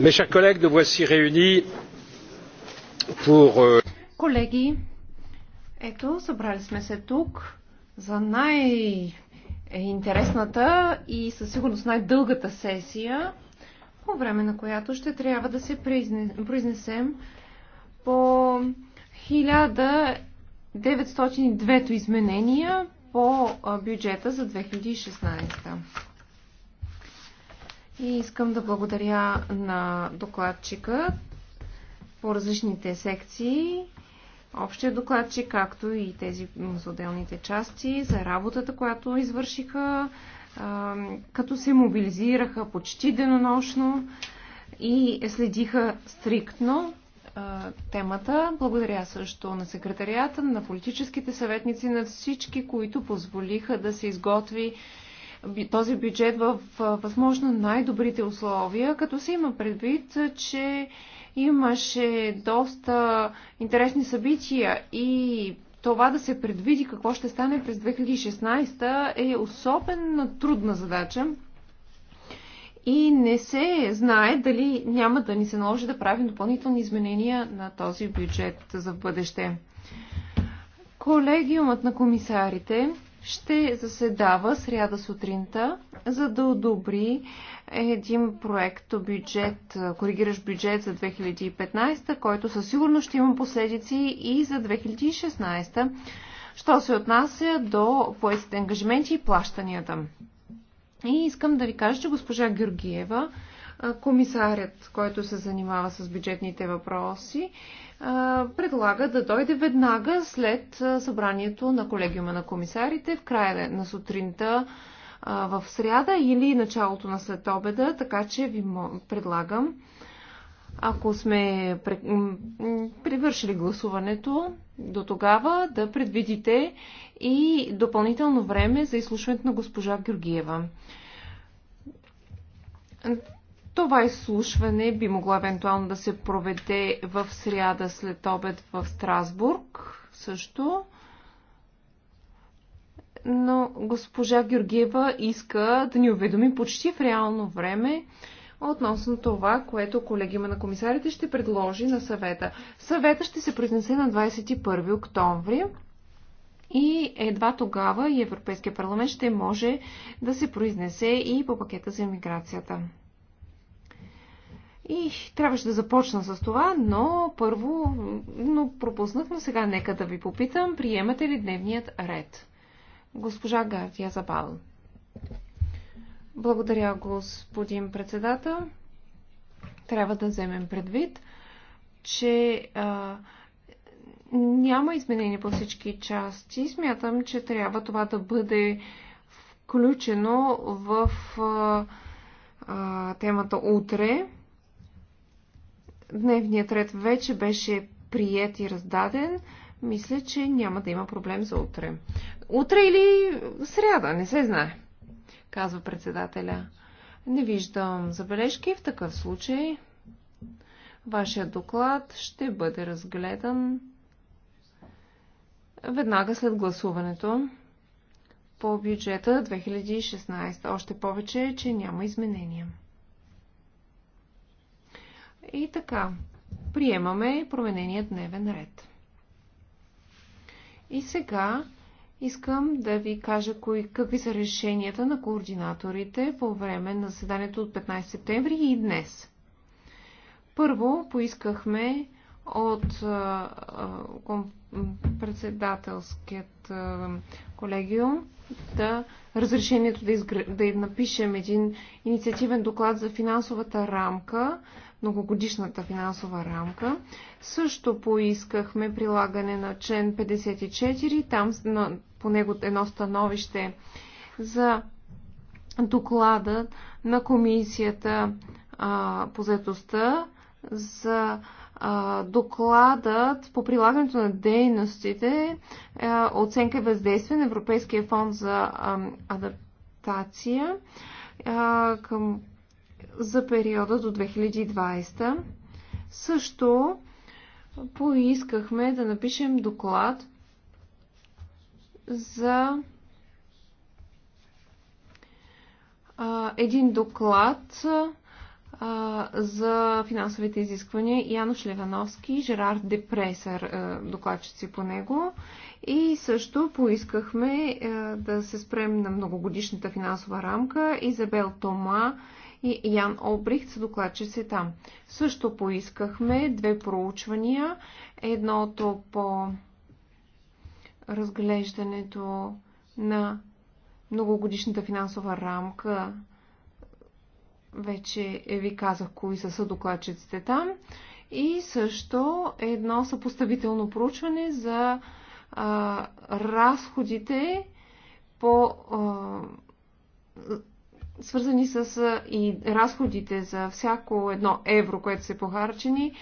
Mes chers collègues, nous voici réunis pour. Euh, Колеги, ето, събрали сме се тук за най-интересната и със сигурност най-дългата сесия, по време на която ще трябва да се произнесем по 1902 изменения по бюджета за 2016. И искам да благодаря на докладчика по различните секции, общия докладчик, както и тези за отделните части, за работата, която извършиха, като се мобилизираха почти денонощно и следиха стриктно темата. Благодаря също на секретарията, на политическите съветници, на всички, които позволиха да се изготви този бюджет в възможно най-добрите условия, като се има предвид, че имаше доста интересни събития и това да се предвиди какво ще стане през 2016 е особено трудна задача и не се знае дали няма да ни се наложи да правим допълнителни изменения на този бюджет за бъдеще. Колегиумът на комисарите ще заседава сряда сутринта, за да одобри един проект бюджет, коригираш бюджет за 2015, който със сигурност ще има последици и за 2016, що се отнася до поетите ангажименти и плащанията. И искам да ви кажа, че госпожа Георгиева, комисарят, който се занимава с бюджетните въпроси, предлага да дойде веднага след събранието на колегиума на комисарите в края на сутринта в сряда или началото на след обеда, така че ви предлагам, ако сме превършили гласуването до тогава, да предвидите и допълнително време за изслушването на госпожа Георгиева. Това изслушване би могло евентуално да се проведе в сряда след обед в Страсбург също. Но госпожа Георгиева иска да ни уведоми почти в реално време относно това, което колегима на комисарите ще предложи на съвета. Съвета ще се произнесе на 21 октомври и едва тогава и Европейския парламент ще може да се произнесе и по пакета за иммиграцията. И трябваше да започна с това, но първо, но пропуснах, но сега нека да ви попитам, приемате ли дневният ред? Госпожа Гардия Забал. Благодаря, господин председател. Трябва да вземем предвид, че а, няма изменения по всички части. Смятам, че трябва това да бъде включено в а, а, темата утре. Дневният ред вече беше прият и раздаден. Мисля, че няма да има проблем за утре. Утре или сряда, не се знае, казва председателя. Не виждам забележки. В такъв случай вашия доклад ще бъде разгледан веднага след гласуването по бюджета 2016. Още повече, че няма изменения. И така, приемаме променения дневен ред. И сега искам да ви кажа кои, какви са решенията на координаторите по време на заседанието от 15 септември и днес. Първо поискахме от председателският колегиум да разрешението да, изгр... да напишем един инициативен доклад за финансовата рамка, многогодишната финансова рамка. Също поискахме прилагане на член 54, там на... по него едно становище за доклада на комисията а, по заедостта за докладът по прилагането на дейностите, оценка и въздействие на Европейския фонд за адаптация към, за периода до 2020. Също поискахме да напишем доклад за един доклад за финансовите изисквания Янош Левановски, Жерар Депресър, е, докладчици по него. И също поискахме е, да се спрем на многогодишната финансова рамка. Изабел Тома и Ян Обрихт са докладчици там. Също поискахме две проучвания. Едното по разглеждането на многогодишната финансова рамка вече е ви казах кои са съдокладчиците там. И също едно съпоставително проучване за а, разходите по а, свързани с и разходите за всяко едно евро, което се похарчени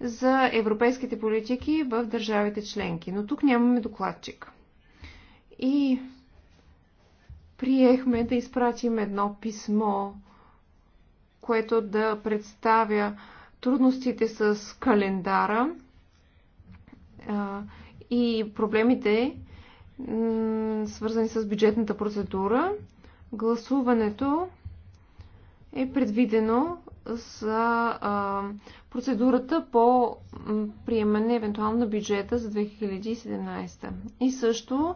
за европейските политики в държавите членки. Но тук нямаме докладчик. И приехме да изпратим едно писмо което да представя трудностите с календара и проблемите, свързани с бюджетната процедура. Гласуването е предвидено за процедурата по приемане евентуално на бюджета за 2017. И също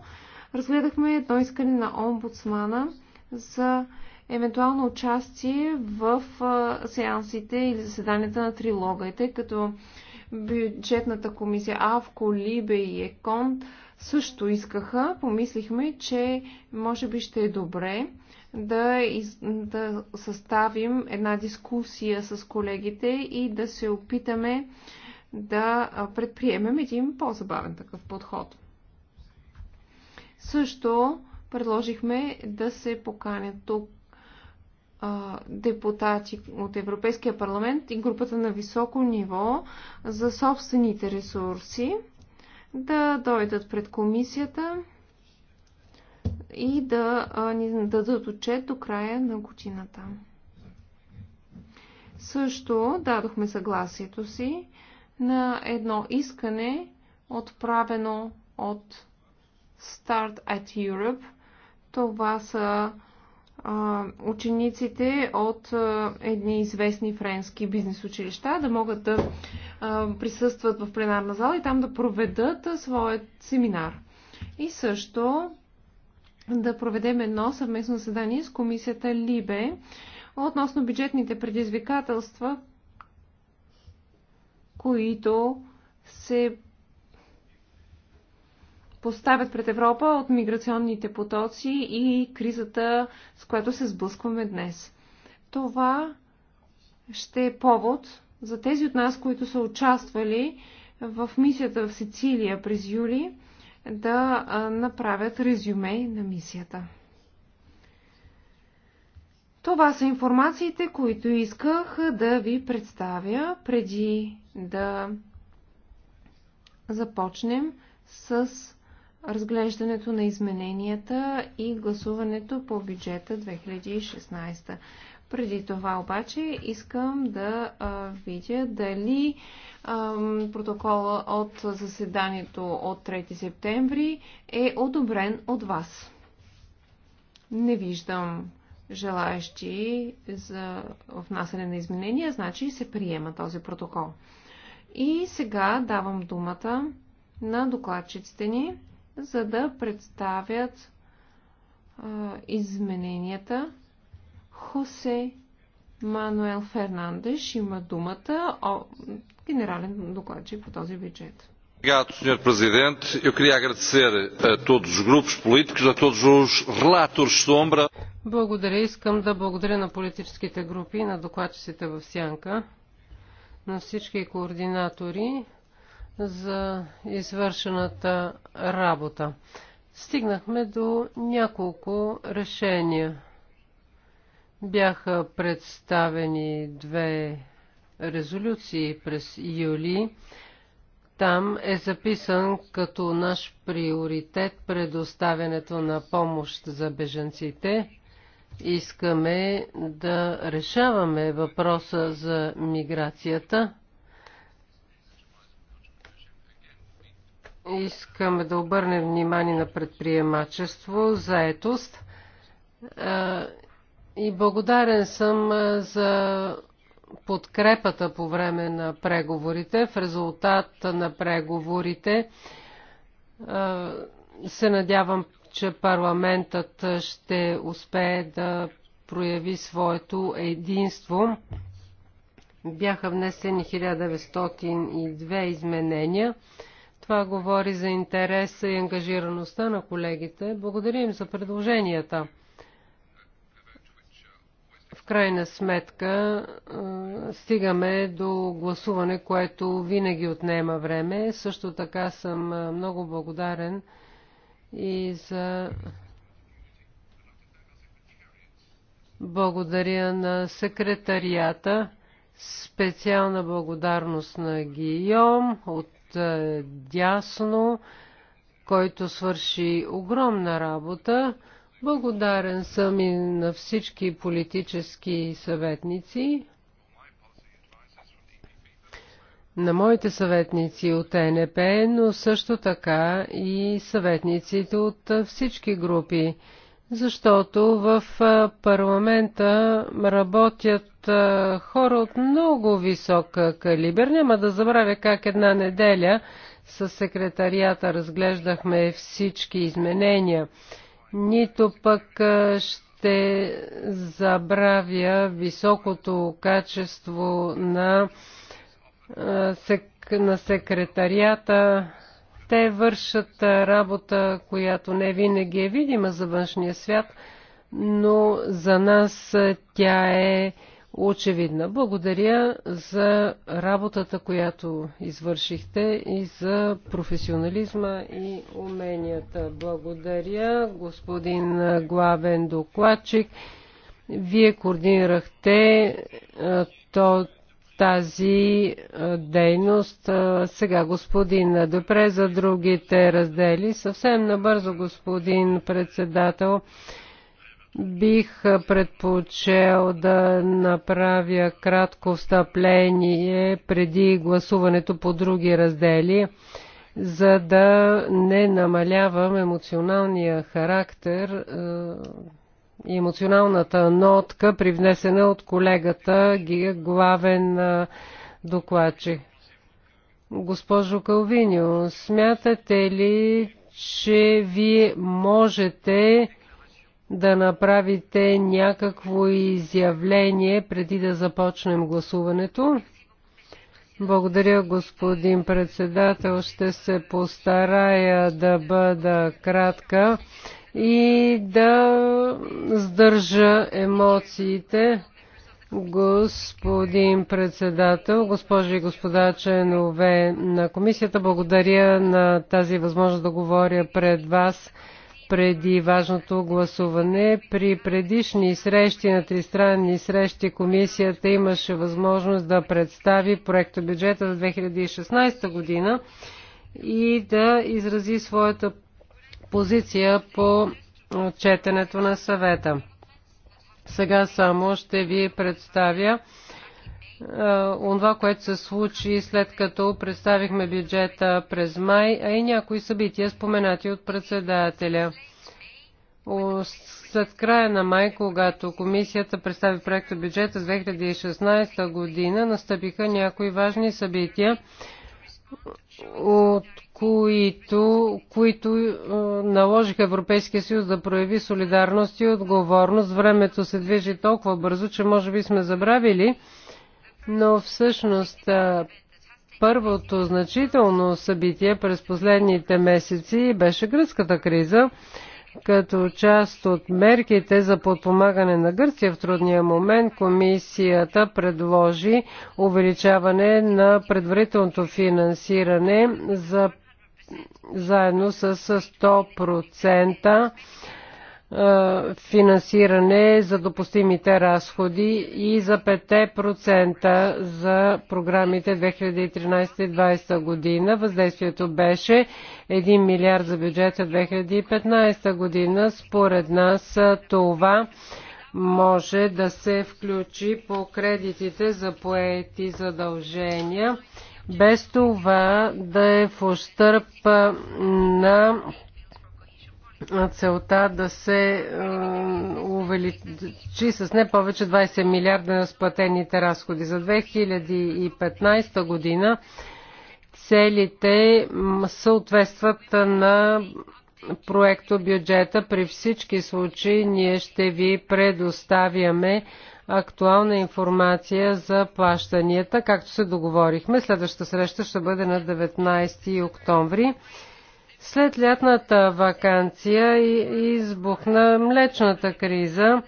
разгледахме едно искане на омбудсмана за евентуално участие в сеансите или заседанията на трилога. И тъй като бюджетната комисия АВКО, Либе и ЕКОН също искаха, помислихме, че може би ще е добре да, из, да съставим една дискусия с колегите и да се опитаме да предприемем един по-забавен такъв подход. Също предложихме да се поканят тук депутати от Европейския парламент и групата на високо ниво за собствените ресурси да дойдат пред комисията и да ни дадат отчет до края на годината. Също дадохме съгласието си на едно искане, отправено от Start at Europe. Това са учениците от едни известни френски бизнес училища да могат да присъстват в пленарна зала и там да проведат своят семинар. И също да проведем едно съвместно заседание с комисията Либе относно бюджетните предизвикателства, които се поставят пред Европа от миграционните потоци и кризата, с която се сблъскваме днес. Това ще е повод за тези от нас, които са участвали в мисията в Сицилия през юли, да направят резюме на мисията. Това са информациите, които исках да ви представя преди да започнем с разглеждането на измененията и гласуването по бюджета 2016. Преди това обаче искам да а, видя дали а, протокола от заседанието от 3 септември е одобрен от вас. Не виждам желаящи за внасяне на изменения, значи се приема този протокол. И сега давам думата на докладчиците ни за да представят а, измененията. Хосе Мануел Фернандеш има думата, о, генерален докладчик по този бюджет. Obrigado, Sr. Presidente. Eu queria agradecer a todos os grupos políticos, a todos os relatores de sombra. Благодаря. Искам да благодаря на политическите групи, на докладчиците в Сянка, на всички координатори, за извършената работа. Стигнахме до няколко решения. Бяха представени две резолюции през юли. Там е записан като наш приоритет предоставянето на помощ за беженците. Искаме да решаваме въпроса за миграцията Искаме да обърнем внимание на предприемачество, заетост. И благодарен съм за подкрепата по време на преговорите. В резултат на преговорите се надявам, че парламентът ще успее да прояви своето единство. Бяха внесени 1902 изменения. Това говори за интереса и ангажираността на колегите. Благодарим за предложенията. В крайна сметка стигаме до гласуване, което винаги отнема време. Също така съм много благодарен и за благодаря на секретарията. Специална благодарност на Гийом от е, дясно, който свърши огромна работа. Благодарен съм и на всички политически съветници, на моите съветници от НП, но също така и съветниците от всички групи защото в парламента работят хора от много висок калибър. Няма да забравя как една неделя с секретарията разглеждахме всички изменения. Нито пък ще забравя високото качество на, на секретарията те вършат работа, която не винаги е видима за външния свят, но за нас тя е очевидна. Благодаря за работата, която извършихте и за професионализма и уменията. Благодаря, господин главен докладчик. Вие координирахте то, тази дейност. Сега господин Депре за другите раздели. Съвсем набързо, господин председател, бих предпочел да направя кратко встъпление преди гласуването по други раздели, за да не намалявам емоционалния характер емоционалната нотка, привнесена от колегата, главен докладчик. Госпожо Калвиньо, смятате ли, че вие можете да направите някакво изявление преди да започнем гласуването? Благодаря, господин председател. Ще се постарая да бъда кратка и да сдържа емоциите. Господин председател, госпожи и господа членове на комисията, благодаря на тази възможност да говоря пред вас преди важното гласуване. При предишни срещи на тристранни срещи комисията имаше възможност да представи проекта бюджета за 2016 година и да изрази своята позиция по четенето на съвета. Сега само ще ви представя онова, което се случи след като представихме бюджета през май, а и някои събития споменати от председателя. След края на май, когато комисията представи проекта бюджета за 2016 година, настъпиха някои важни събития, от които, които е, наложиха Европейския съюз да прояви солидарност и отговорност. Времето се движи толкова бързо, че може би сме забравили, но всъщност е, първото значително събитие през последните месеци беше гръцката криза, като част от мерките за подпомагане на Гърция в трудния момент, комисията предложи увеличаване на предварителното финансиране за заедно с 100% финансиране за допустимите разходи и за 5% за програмите 2013-2020 година. Въздействието беше 1 милиард за бюджета 2015 година. Според нас това може да се включи по кредитите за поети задължения без това да е в ущърп на целта да се увеличи с не повече 20 милиарда на сплатените разходи. За 2015 година целите съответстват на проекто бюджета. При всички случаи ние ще ви предоставяме актуална информация за плащанията, както се договорихме. Следващата среща ще бъде на 19 октомври. След лятната вакансия избухна млечната криза.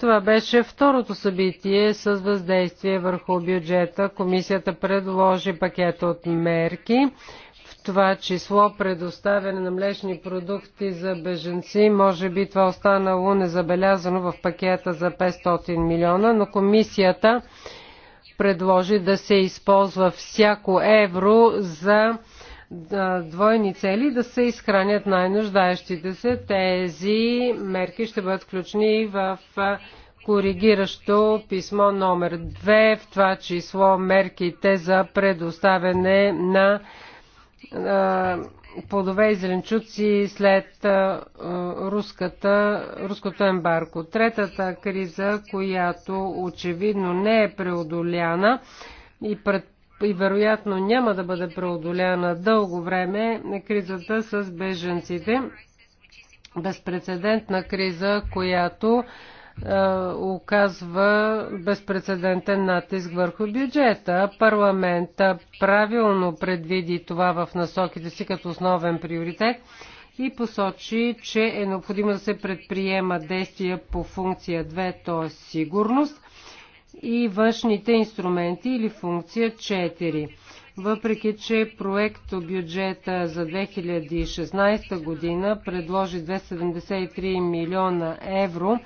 Това беше второто събитие с въздействие върху бюджета. Комисията предложи пакет от мерки това число предоставяне на млечни продукти за беженци. Може би това останало незабелязано в пакета за 500 милиона, но комисията предложи да се използва всяко евро за двойни цели да се изхранят най-нуждаещите се. Тези мерки ще бъдат включени в коригиращо писмо номер 2, в това число мерките за предоставяне на плодове и зеленчуци след руската, руското ембарко. Третата криза, която очевидно не е преодоляна и, пред, и вероятно няма да бъде преодоляна дълго време, е кризата с беженците. Безпредседентна криза, която е, оказва безпредседентен натиск върху бюджета. Парламента правилно предвиди това в насоките си като основен приоритет и посочи, че е необходимо да се предприема действия по функция 2, т.е. сигурност и външните инструменти или функция 4. Въпреки, че проекто бюджета за 2016 година предложи 273 милиона евро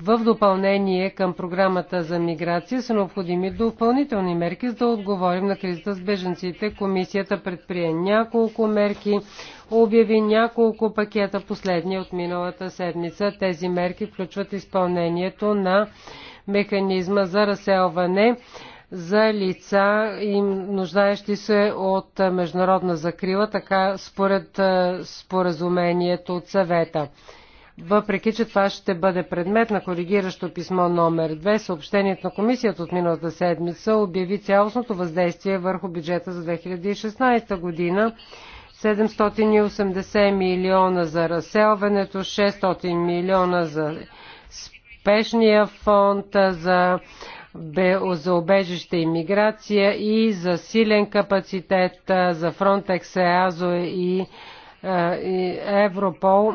в допълнение към програмата за миграция са необходими допълнителни мерки, за да отговорим на кризата с беженците. Комисията предприе няколко мерки, обяви няколко пакета, последния от миналата седмица. Тези мерки включват изпълнението на механизма за разселване за лица и нуждаещи се от международна закрила, така според споразумението от съвета. Въпреки, че това ще бъде предмет на коригиращо писмо номер 2, съобщението на комисията от миналата седмица обяви цялостното въздействие върху бюджета за 2016 година 780 милиона за разселването, 600 милиона за спешния фонд за, за обежище и миграция и за силен капацитет за Frontex, EASO и, и Европол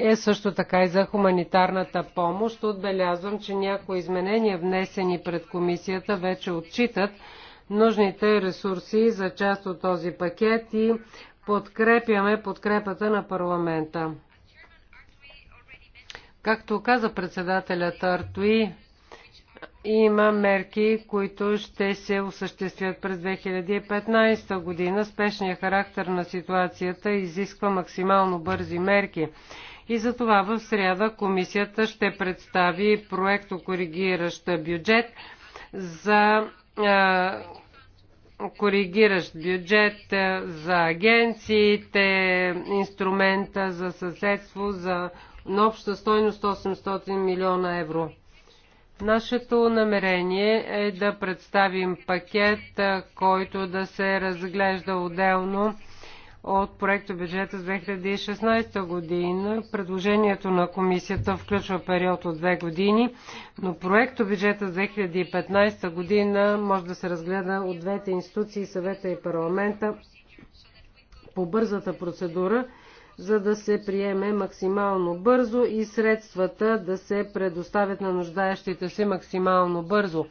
е също така и за хуманитарната помощ. Отбелязвам, че някои изменения, внесени пред комисията, вече отчитат нужните ресурси за част от този пакет и подкрепяме подкрепата на парламента. Както каза председателят Артуи, има мерки, които ще се осъществят през 2015 година. Спешният характер на ситуацията изисква максимално бързи мерки. И затова в среда комисията ще представи проекто коригиращ бюджет за е, коригиращ бюджет е, за агенциите, инструмента за съседство за на обща стойност 800 милиона евро. Нашето намерение е да представим пакет, е, който да се разглежда отделно от проекта бюджета за 2016 година. Предложението на комисията включва период от две години, но проекто бюджета за 2015 година може да се разгледа от двете институции, съвета и парламента по бързата процедура, за да се приеме максимално бързо и средствата да се предоставят на нуждаещите се максимално бързо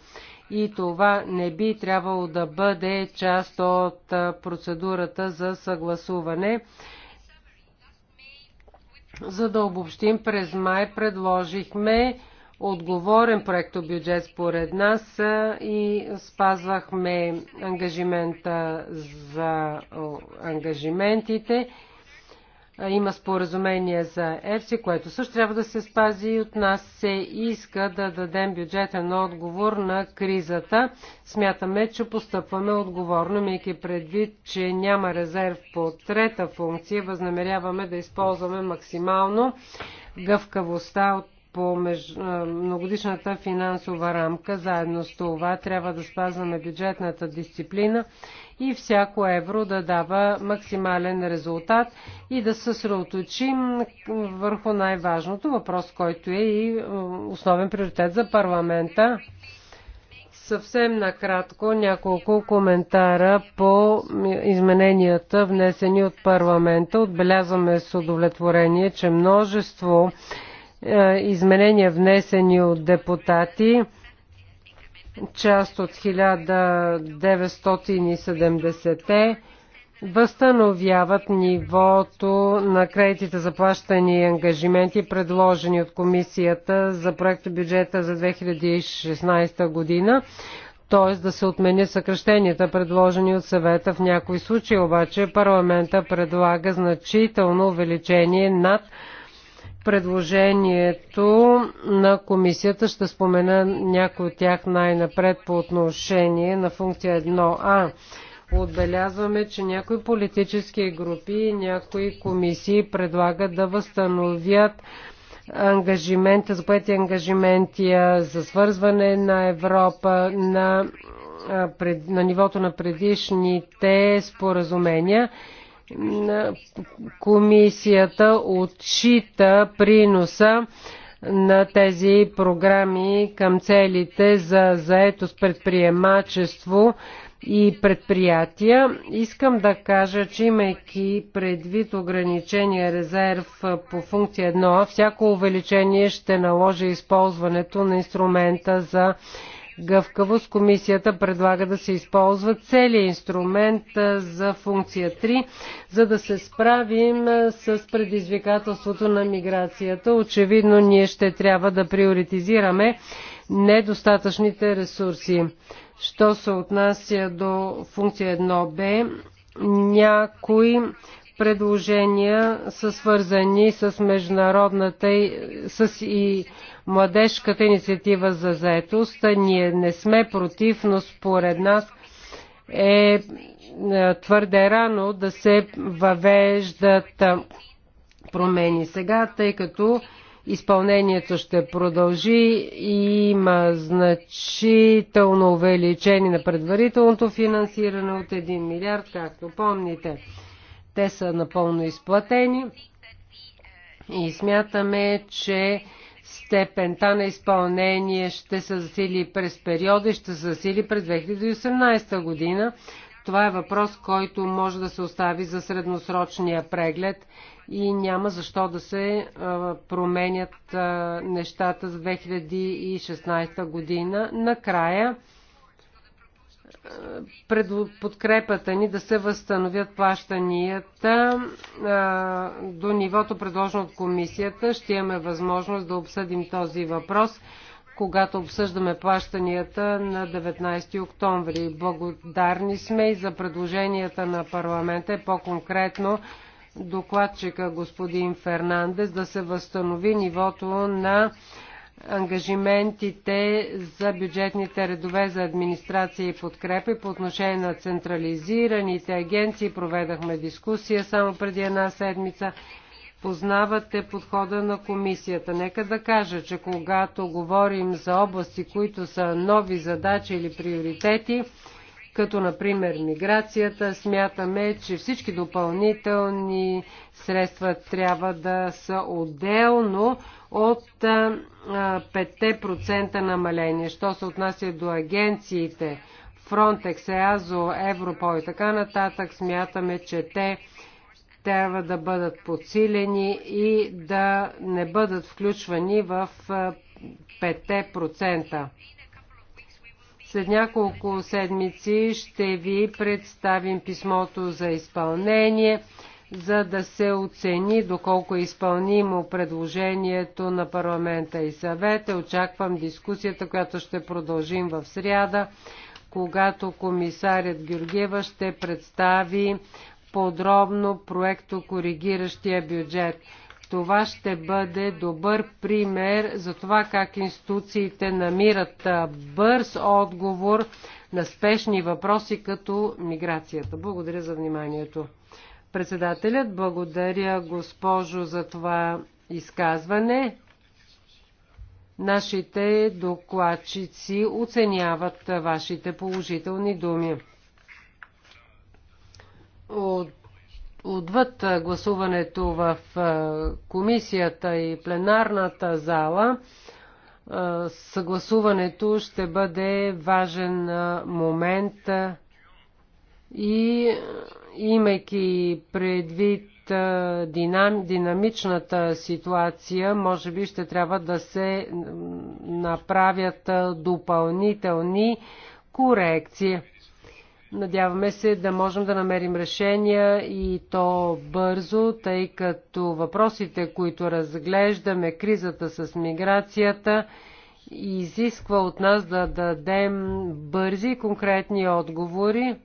и това не би трябвало да бъде част от процедурата за съгласуване. За да обобщим, през май предложихме отговорен бюджет според нас и спазвахме ангажимента за ангажиментите има споразумение за ЕФСИ, което също трябва да се спази. и От нас се иска да дадем бюджетен отговор на кризата. Смятаме, че постъпваме отговорно, мейки предвид, че няма резерв по трета функция. Възнамеряваме да използваме максимално гъвкавостта от по меж... многодишната финансова рамка. Заедно с това трябва да спазваме бюджетната дисциплина и всяко евро да дава максимален резултат и да се съсредоточим върху най-важното въпрос, който е и основен приоритет за парламента. Съвсем накратко няколко коментара по измененията, внесени от парламента. Отбелязваме с удовлетворение, че множество е, изменения, внесени от депутати, част от 1970-те възстановяват нивото на кредитите за плащани и ангажименти, предложени от Комисията за проекта бюджета за 2016 година, т.е. да се отмени съкръщенията, предложени от съвета. В някои случаи обаче парламента предлага значително увеличение над предложението на комисията. Ще спомена някои от тях най-напред по отношение на функция 1А. Отбелязваме, че някои политически групи и някои комисии предлагат да възстановят ангажименти, за поети ангажименти за свързване на Европа на, на нивото на предишните споразумения Комисията отчита приноса на тези програми към целите за заетост, предприемачество и предприятия. Искам да кажа, че имайки предвид ограничения резерв по функция 1, всяко увеличение ще наложи използването на инструмента за гъвкавост, комисията предлага да се използва целият инструмент за функция 3, за да се справим с предизвикателството на миграцията. Очевидно ние ще трябва да приоритизираме недостатъчните ресурси. Що се отнася до функция 1b, някои предложения са свързани с международната с и младежката инициатива за заетост. Ние не сме против, но според нас е, е твърде рано да се въвеждат промени сега, тъй като изпълнението ще продължи и има значително увеличение на предварителното финансиране от 1 милиард, както помните. Те са напълно изплатени и смятаме, че степента на изпълнение ще се засили през периода и ще се засили през 2018 година. Това е въпрос, който може да се остави за средносрочния преглед и няма защо да се променят нещата за 2016 година. Накрая, пред подкрепата ни да се възстановят плащанията до нивото предложено от комисията. Ще имаме възможност да обсъдим този въпрос, когато обсъждаме плащанията на 19 октомври. Благодарни сме и за предложенията на парламента, по-конкретно докладчика господин Фернандес, да се възстанови нивото на ангажиментите за бюджетните редове за администрация и подкрепа и по отношение на централизираните агенции проведахме дискусия само преди една седмица. Познавате подхода на комисията. Нека да кажа, че когато говорим за области, които са нови задачи или приоритети, като например миграцията, смятаме, че всички допълнителни средства трябва да са отделно от 5% намаление. Що се отнася до агенциите, Frontex, EASO, Европол и така нататък, смятаме, че те трябва да бъдат подсилени и да не бъдат включвани в 5%. След няколко седмици ще ви представим писмото за изпълнение, за да се оцени доколко е изпълнимо предложението на парламента и съвета. Очаквам дискусията, която ще продължим в сряда, когато комисарят Георгиева ще представи подробно проекто коригиращия бюджет. Това ще бъде добър пример за това как институциите намират бърз отговор на спешни въпроси като миграцията. Благодаря за вниманието. Председателят, благодаря госпожо за това изказване. Нашите докладчици оценяват вашите положителни думи. От отвъд гласуването в комисията и пленарната зала, съгласуването ще бъде важен момент и имайки предвид динамичната ситуация, може би ще трябва да се направят допълнителни корекции. Надяваме се да можем да намерим решения и то бързо, тъй като въпросите, които разглеждаме, кризата с миграцията, изисква от нас да дадем бързи и конкретни отговори. Е,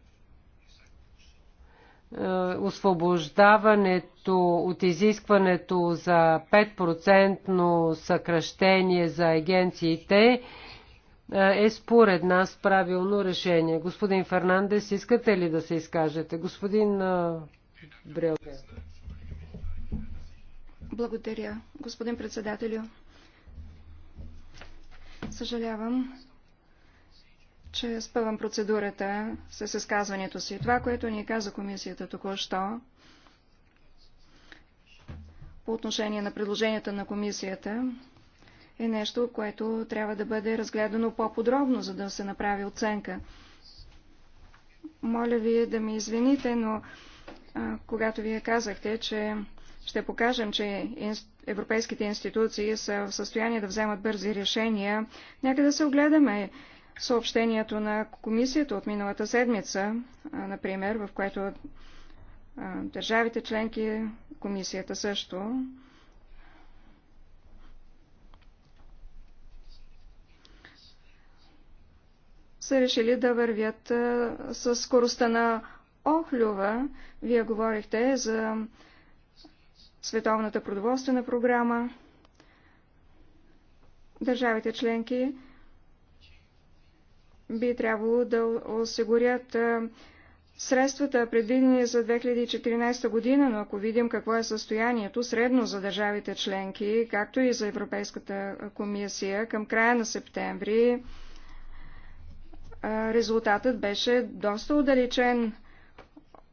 освобождаването от изискването за 5% съкръщение за агенциите – е според нас правилно решение. Господин Фернандес, искате ли да се изкажете? Господин Брелке. Благодаря, господин председателю. Съжалявам, че спъвам процедурата с изказването си. Това, което ни каза комисията току-що, по отношение на предложенията на комисията, е нещо, което трябва да бъде разгледано по-подробно, за да се направи оценка. Моля ви да ми извините, но а, когато вие казахте, че ще покажем, че европейските институции са в състояние да вземат бързи решения, нека да се огледаме съобщението на комисията от миналата седмица, а, например, в което а, държавите членки, комисията също, са решили да вървят с скоростта на Охлюва. Вие говорихте за Световната продоволствена програма. Държавите членки би трябвало да осигурят средствата, предвидени за 2014 година, но ако видим какво е състоянието средно за държавите членки, както и за Европейската комисия към края на септември, резултатът беше доста удалечен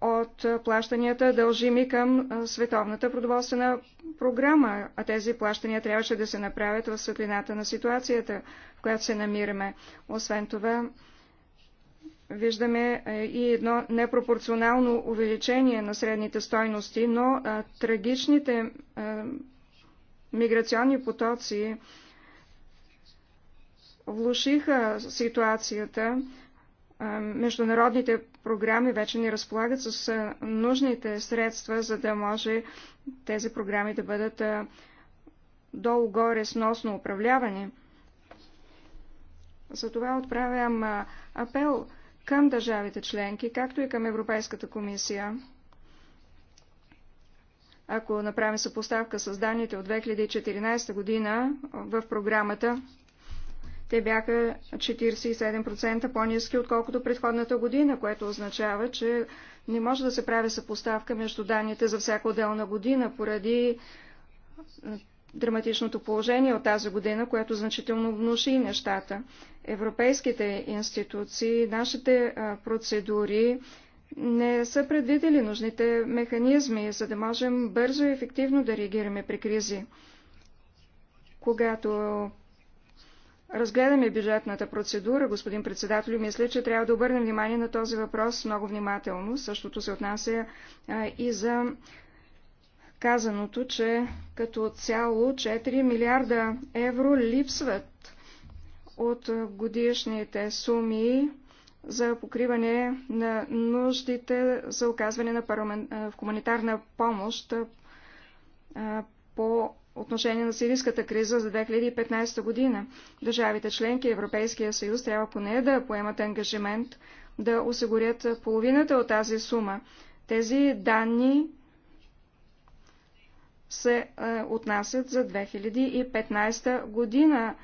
от плащанията дължими към Световната продоволствена програма, а тези плащания трябваше да се направят в светлината на ситуацията, в която се намираме. Освен това, виждаме и едно непропорционално увеличение на средните стойности, но трагичните миграционни потоци влушиха ситуацията. Международните програми вече не разполагат с нужните средства, за да може тези програми да бъдат долу-горе сносно управлявани. Затова отправям апел към държавите членки, както и към Европейската комисия. Ако направим съпоставка с данните от 2014 година в програмата, те бяха 47% по-низки, отколкото предходната година, което означава, че не може да се прави съпоставка между данните за всяка отделна година, поради драматичното положение от тази година, което значително внуши нещата. Европейските институции, нашите процедури не са предвидели нужните механизми, за да можем бързо и ефективно да реагираме при кризи. Когато разгледаме бюджетната процедура, господин председател, мисля, че трябва да обърнем внимание на този въпрос много внимателно. Същото се отнася а, и за казаното, че като цяло 4 милиарда евро липсват от годишните суми за покриване на нуждите за оказване на парламент... хуманитарна помощ а, по отношение на сирийската криза за 2015 година. Държавите членки Европейския съюз трябва поне да поемат ангажимент да осигурят половината от тази сума. Тези данни се е, отнасят за 2015 година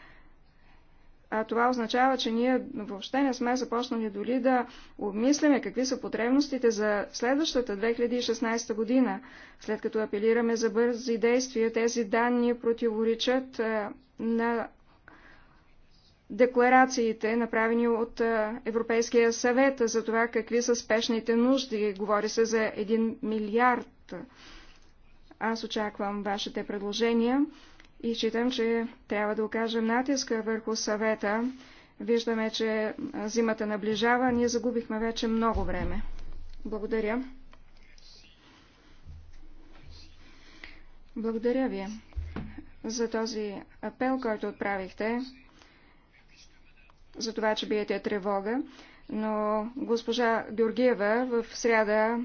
а това означава, че ние въобще не сме започнали доли да обмисляме какви са потребностите за следващата 2016 година. След като апелираме за бързи действия, тези данни противоречат е, на декларациите, направени от е, Европейския съвет за това какви са спешните нужди. Говори се за 1 милиард. Аз очаквам вашите предложения и считам, че трябва да окажем натиска върху съвета. Виждаме, че зимата наближава, ние загубихме вече много време. Благодаря. Благодаря ви за този апел, който отправихте, за това, че биете тревога. Но госпожа Георгиева в сряда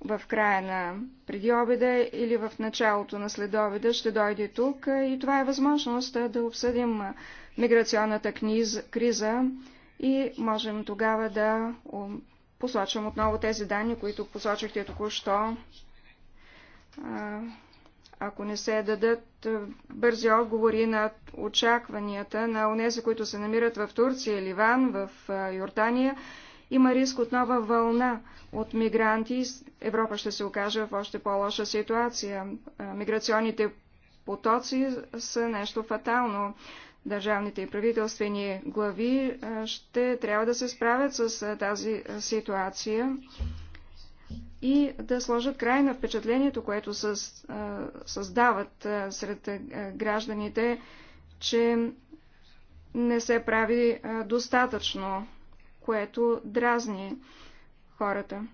в края на преди обеда или в началото на следобеда ще дойде тук и това е възможност да обсъдим миграционната книз, криза и можем тогава да посочвам отново тези данни, които посочихте току-що. Ако не се дадат бързи отговори на очакванията на онези, които се намират в Турция, Ливан, в Йордания, има риск от нова вълна от мигранти. Европа ще се окаже в още по-лоша ситуация. Е, миграционните потоци са нещо фатално. Държавните и правителствени глави е, ще трябва да се справят с е, тази ситуация и да сложат край на впечатлението, което създават сред гражданите, че не се прави достатъчно което дразни хората.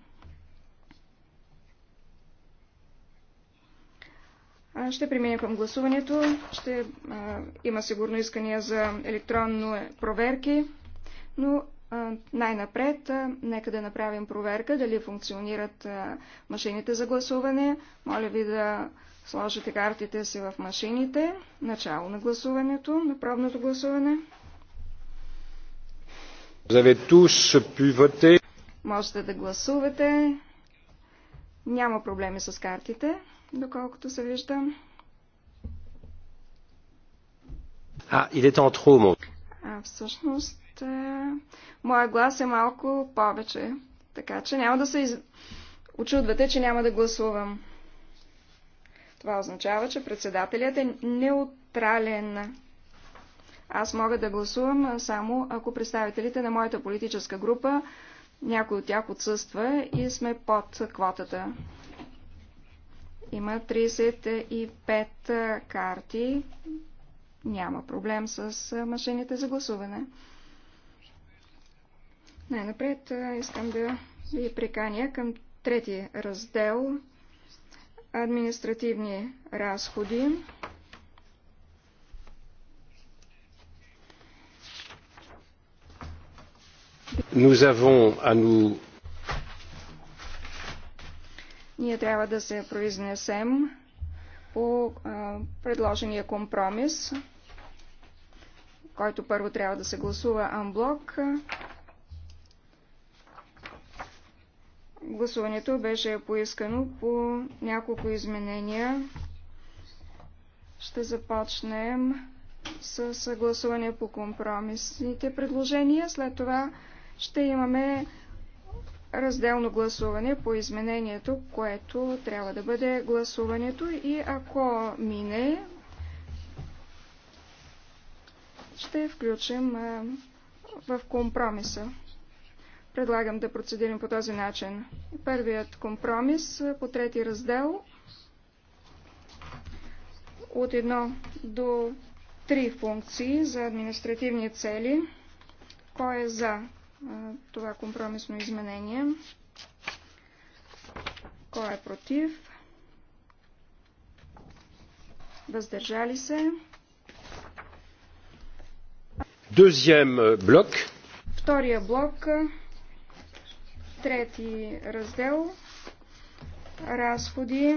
Ще преминем към гласуването. Ще а, има сигурно искания за електронно проверки, но най-напред нека да направим проверка дали функционират а, машините за гласуване. Моля ви да сложите картите си в машините. Начало на гласуването, на пробното гласуване. Можете да гласувате. Няма проблеми с картите, доколкото се виждам. А, il est en trop, mon... А, всъщност, е, моя глас е малко повече, така че няма да се из... очудвате, че няма да гласувам. Това означава, че председателят е неутрален. Аз мога да гласувам само ако представителите на моята политическа група, някой от тях отсъства и сме под квотата. Има 35 карти. Няма проблем с машините за гласуване. Най-напред искам да ви приканя към трети раздел административни разходи. Nous avons à nous... Ние трябва да се произнесем по а, предложения компромис, който първо трябва да се гласува анблок. Гласуването беше поискано по няколко изменения. Ще започнем с гласуване по компромисните предложения, след това ще имаме разделно гласуване по изменението, което трябва да бъде гласуването и ако мине, ще включим в компромиса. Предлагам да процедирам по този начин. Първият компромис по трети раздел от 1 до 3 функции за административни цели. Кой е за това компромисно изменение. Кой е против? Въздържали се? Deuxième блок. Втория блок. Трети раздел. Разходи.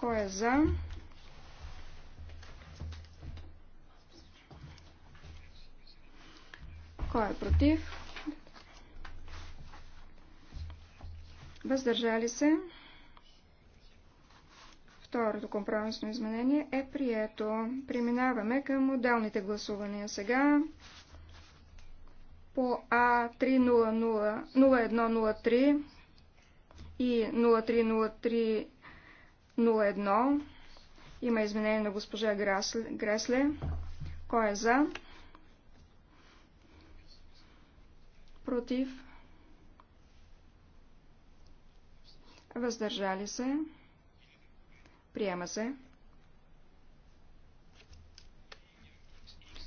Кой е за? Кой е против? въздържали се. Второто компромисно изменение е прието. Преминаваме към отделните гласувания сега. По А300-0103 и 030301 има изменение на госпожа Гресле. Кой е за? Против? въздържали се, приема се.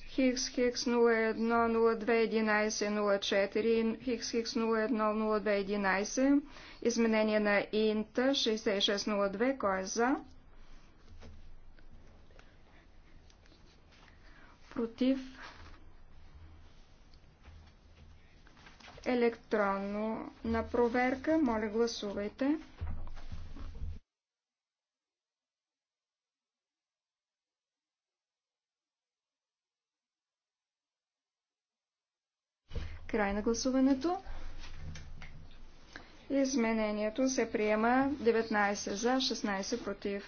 Хикс Хикс 01021104, Хикс Хикс 010211, изменение на Инта 6602, кой е за? Против електронно на проверка, моля гласувайте. Край на гласуването. Изменението се приема 19 за, 16 против.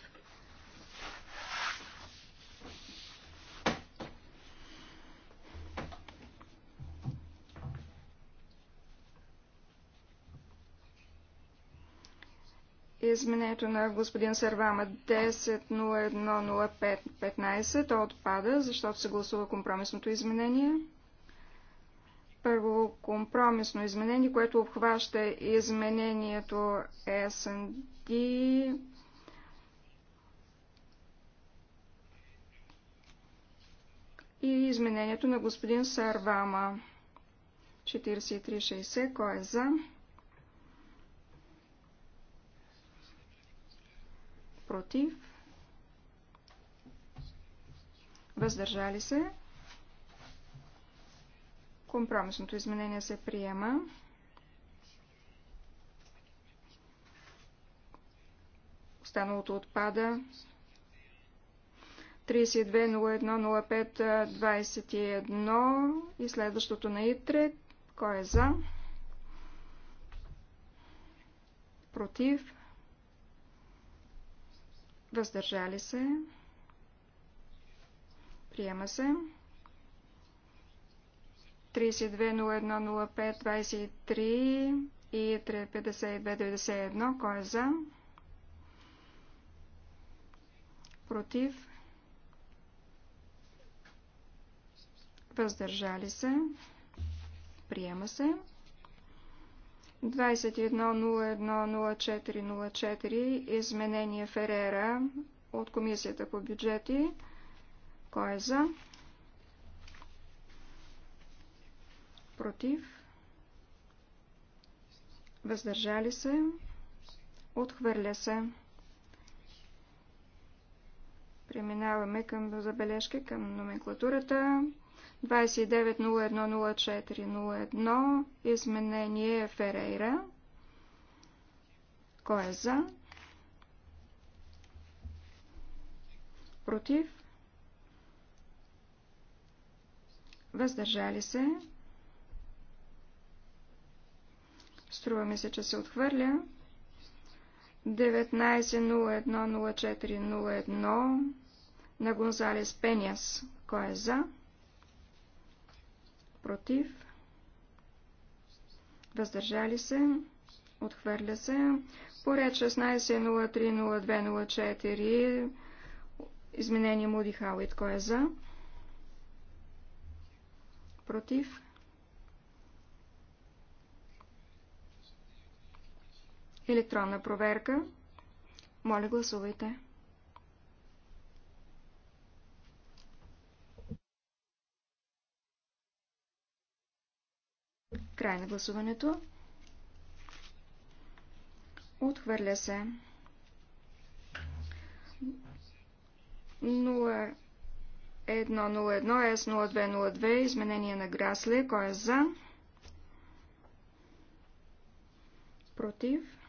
Изменението на господин Сървама 10.01.05.15 отпада, защото се гласува компромисното изменение. Първо компромисно изменение, което обхваща изменението S&D. и изменението на господин Сарвама. 4360, кой е за? Против? Въздържали се? Компромисното изменение се приема. Останалото отпада. 32.01.05.21 и следващото на ИТРЕ. Кой е за? Против? Въздържали се? Приема се. 32.01.05.23 и 3.52.91. Кой е за? Против? Въздържали се? Приема се. 21.01.04.04. Изменение Ферера от Комисията по бюджети. Кой е за? против, въздържали се, отхвърля се. Преминаваме към забележки, към номенклатурата. 29.01.04.01 Изменение Ферейра. Кой е за? Против? Въздържали се? Струва ми се, че се отхвърля. 19.01.04.01 на Гонзалес Пеняс. Кой е за? Против? Въздържали се? Отхвърля се. Поред 16.03.02.04 изменение Муди Хауит. Кой е за? Против? Електронна проверка. Моля, гласувайте. Край на гласуването. Отхвърля се. 0101 S0202 изменение на Грасле. Кой е за? Против?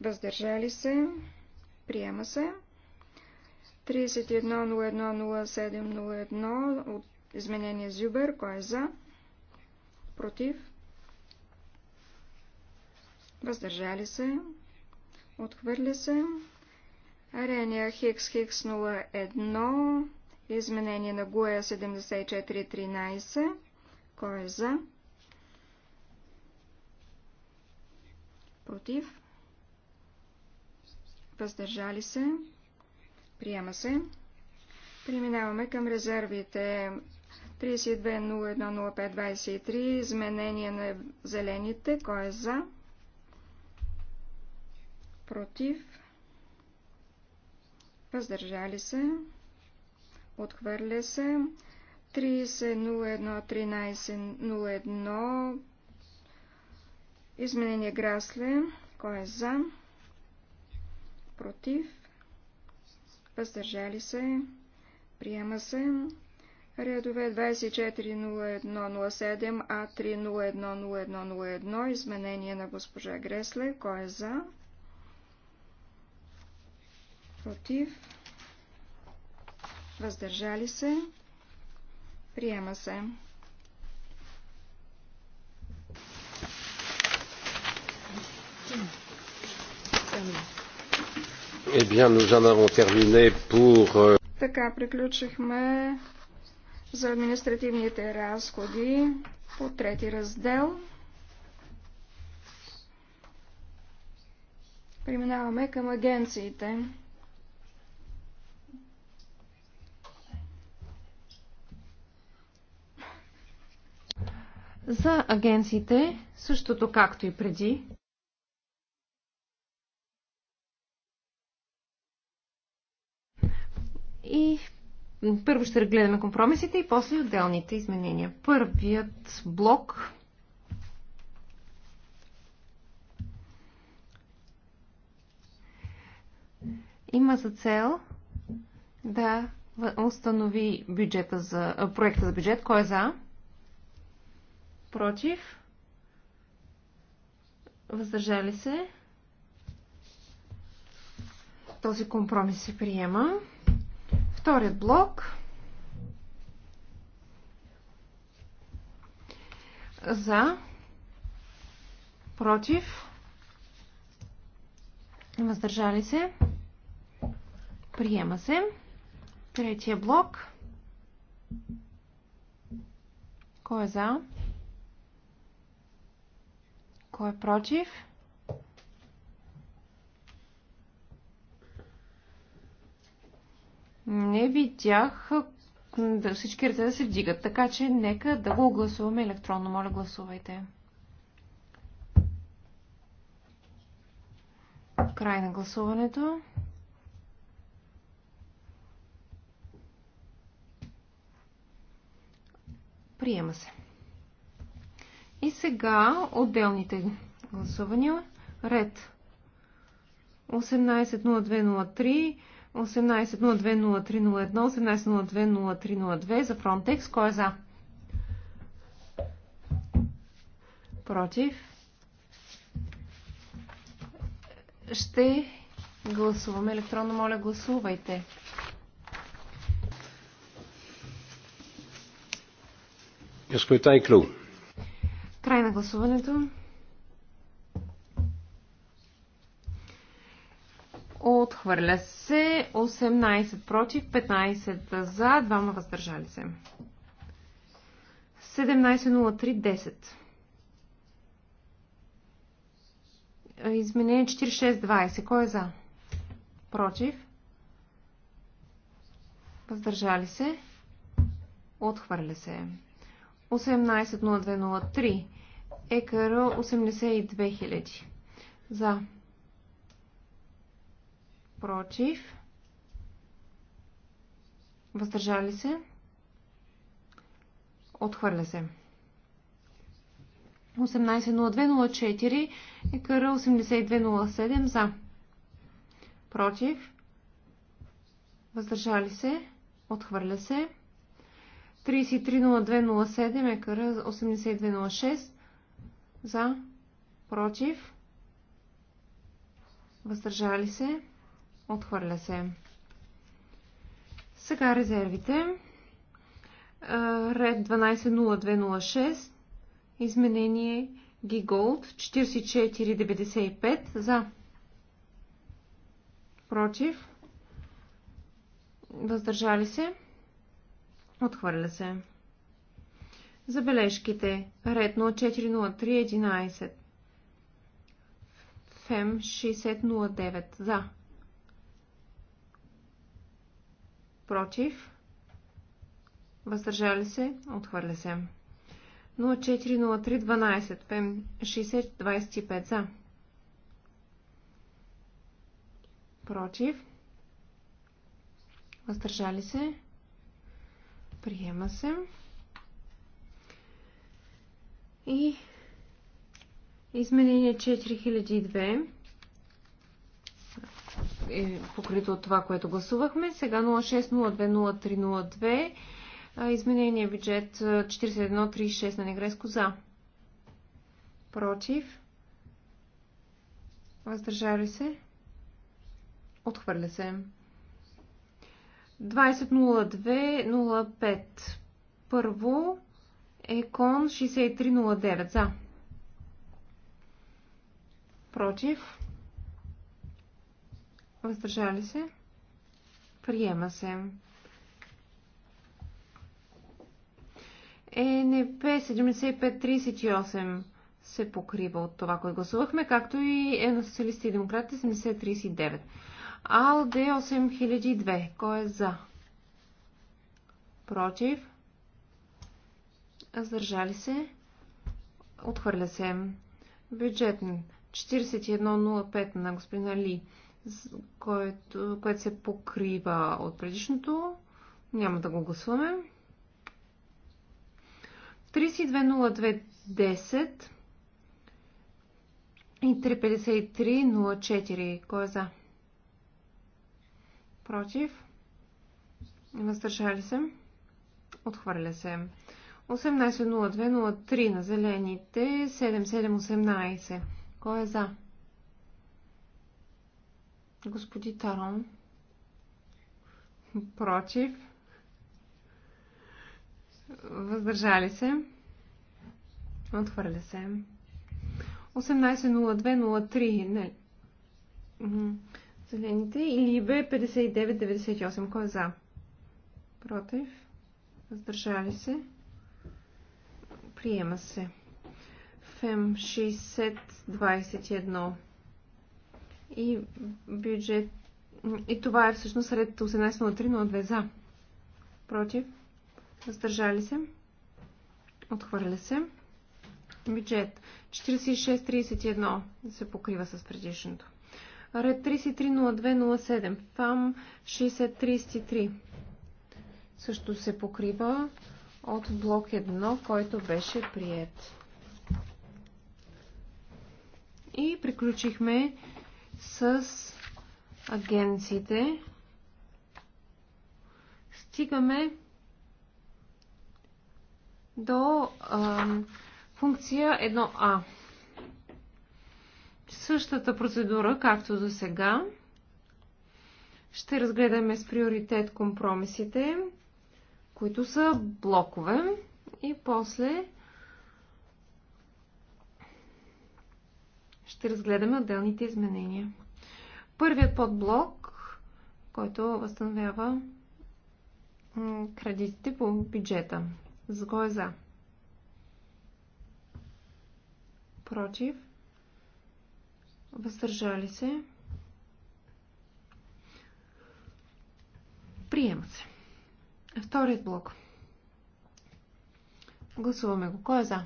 въздържали се, приема се. 31010701 от изменение Зюбер, кой е за, против, въздържали се, отхвърля се. Арения Хикс Хикс 01, изменение на Гуя 7413, кой е за, против, въздържали се, приема се. Преминаваме към резервите 32010523, изменение на зелените, кой е за, против, въздържали се, отхвърля се, 30011301, изменение Грасле, кой е за, против, въздържали се, приема се. Рядове 240107 А3010101, изменение на госпожа Гресле, кой е за, против, въздържали се, приема се. Eh euh, така, приключихме за административните разходи по трети раздел. Преминаваме към агенциите. За агенциите, същото както и преди, И първо ще разгледаме компромисите и после отделните изменения. Първият блок има за цел да установи бюджета за, проекта за бюджет. Кой е за? Против? Въздържали се? Този компромис се приема. Вторият блок за против въздържали се приема се третия блок кой е за кой е против не видях да всички ръце да се вдигат, така че нека да го гласуваме електронно. Моля, гласувайте. Край на гласуването. Приема се. И сега отделните гласувания. Ред 18.02.03 18.02.03.01, 18.02.03.02 за Frontex. Кой е за? Против. Ще гласуваме електронно. Моля, гласувайте. Край на гласуването. Отхвърля се 18 против, 15 за, 2 въздържали се. 17.03.10 Изменение 46.20. Кой е за? Против. Въздържали се. Отхвърля се. 18.02.03 ЕКР 82 000. За против, въздържали се, отхвърля се. 18.02.04 е къра 82.07 за. Против. Въздържали се. Отхвърля се. 33.02.07 къра 82.06 за. Против. Въздържали се. Отхвърля се. Сега резервите. Ред 120206. Изменение Гиголд 4495 за. Против. Въздържали се. Отхвърля се. Забележките. Ред 040311. ФЕМ 6009 за против, въздържали се, отхвърля се. 040312 12 6025 за. Против. Въздържали се. Приема се. И изменение 4002 е покрито от това, което гласувахме. Сега 06020302 изменение бюджет 4136 на Негреско за. Против. Въздържали се. Отхвърля се. 20.02.05 Първо Екон 6309 за. Против. Въздържали се? Приема се. ЕНП 7538 се покрива от това, което гласувахме, както и е на социалисти и демократи 7039. АЛД 8002. Кой е за? Против? Въздържали се? Отхвърля се. Бюджетен 4105 на господина Ли което, което се покрива от предишното. Няма да го гласуваме. 320210 и 35304. Кой е за? Против? Въздържали се? Отхвърля се. 18.02.03 на зелените. 7718. Кой е за? Господи Тарон. Против. Въздържали се. Отхвърля се. 18.02.03. Не. Зелените. Или Б 59.98. Кой е за? Против. Въздържали се. Приема се. Фем 60.21 и бюджет. И това е всъщност ред 18.03.02 за. Против. Въздържали се. Отхвърля се. Бюджет 46.31 се покрива с предишното. Ред 330207. ФАМ 6033. Също се покрива от блок 1, който беше прият. И приключихме с агенциите. Стигаме до а, функция 1а. Същата процедура, както до сега. Ще разгледаме с приоритет компромисите, които са блокове и после ще разгледаме отделните изменения. Първият подблок, който възстановява кредитите по бюджета. За кой е за? Против? Въздържали се? Приема се. Вторият блок. Гласуваме го. Кой е за?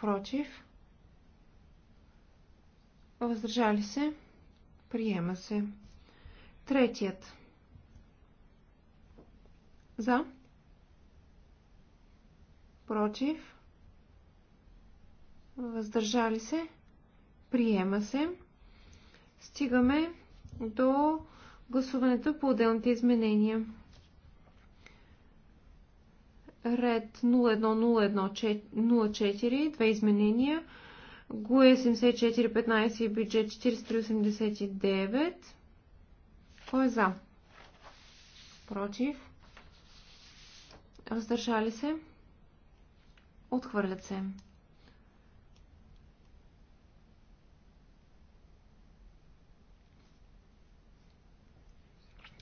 против, въздържали се, приема се. Третият. За, против, въздържали се, приема се. Стигаме до гласуването по отделните изменения ред 010104, две изменения. ГУЕ 7415 и бюджет 4389. Кой е за? Против? Въздържали се? Отхвърлят се.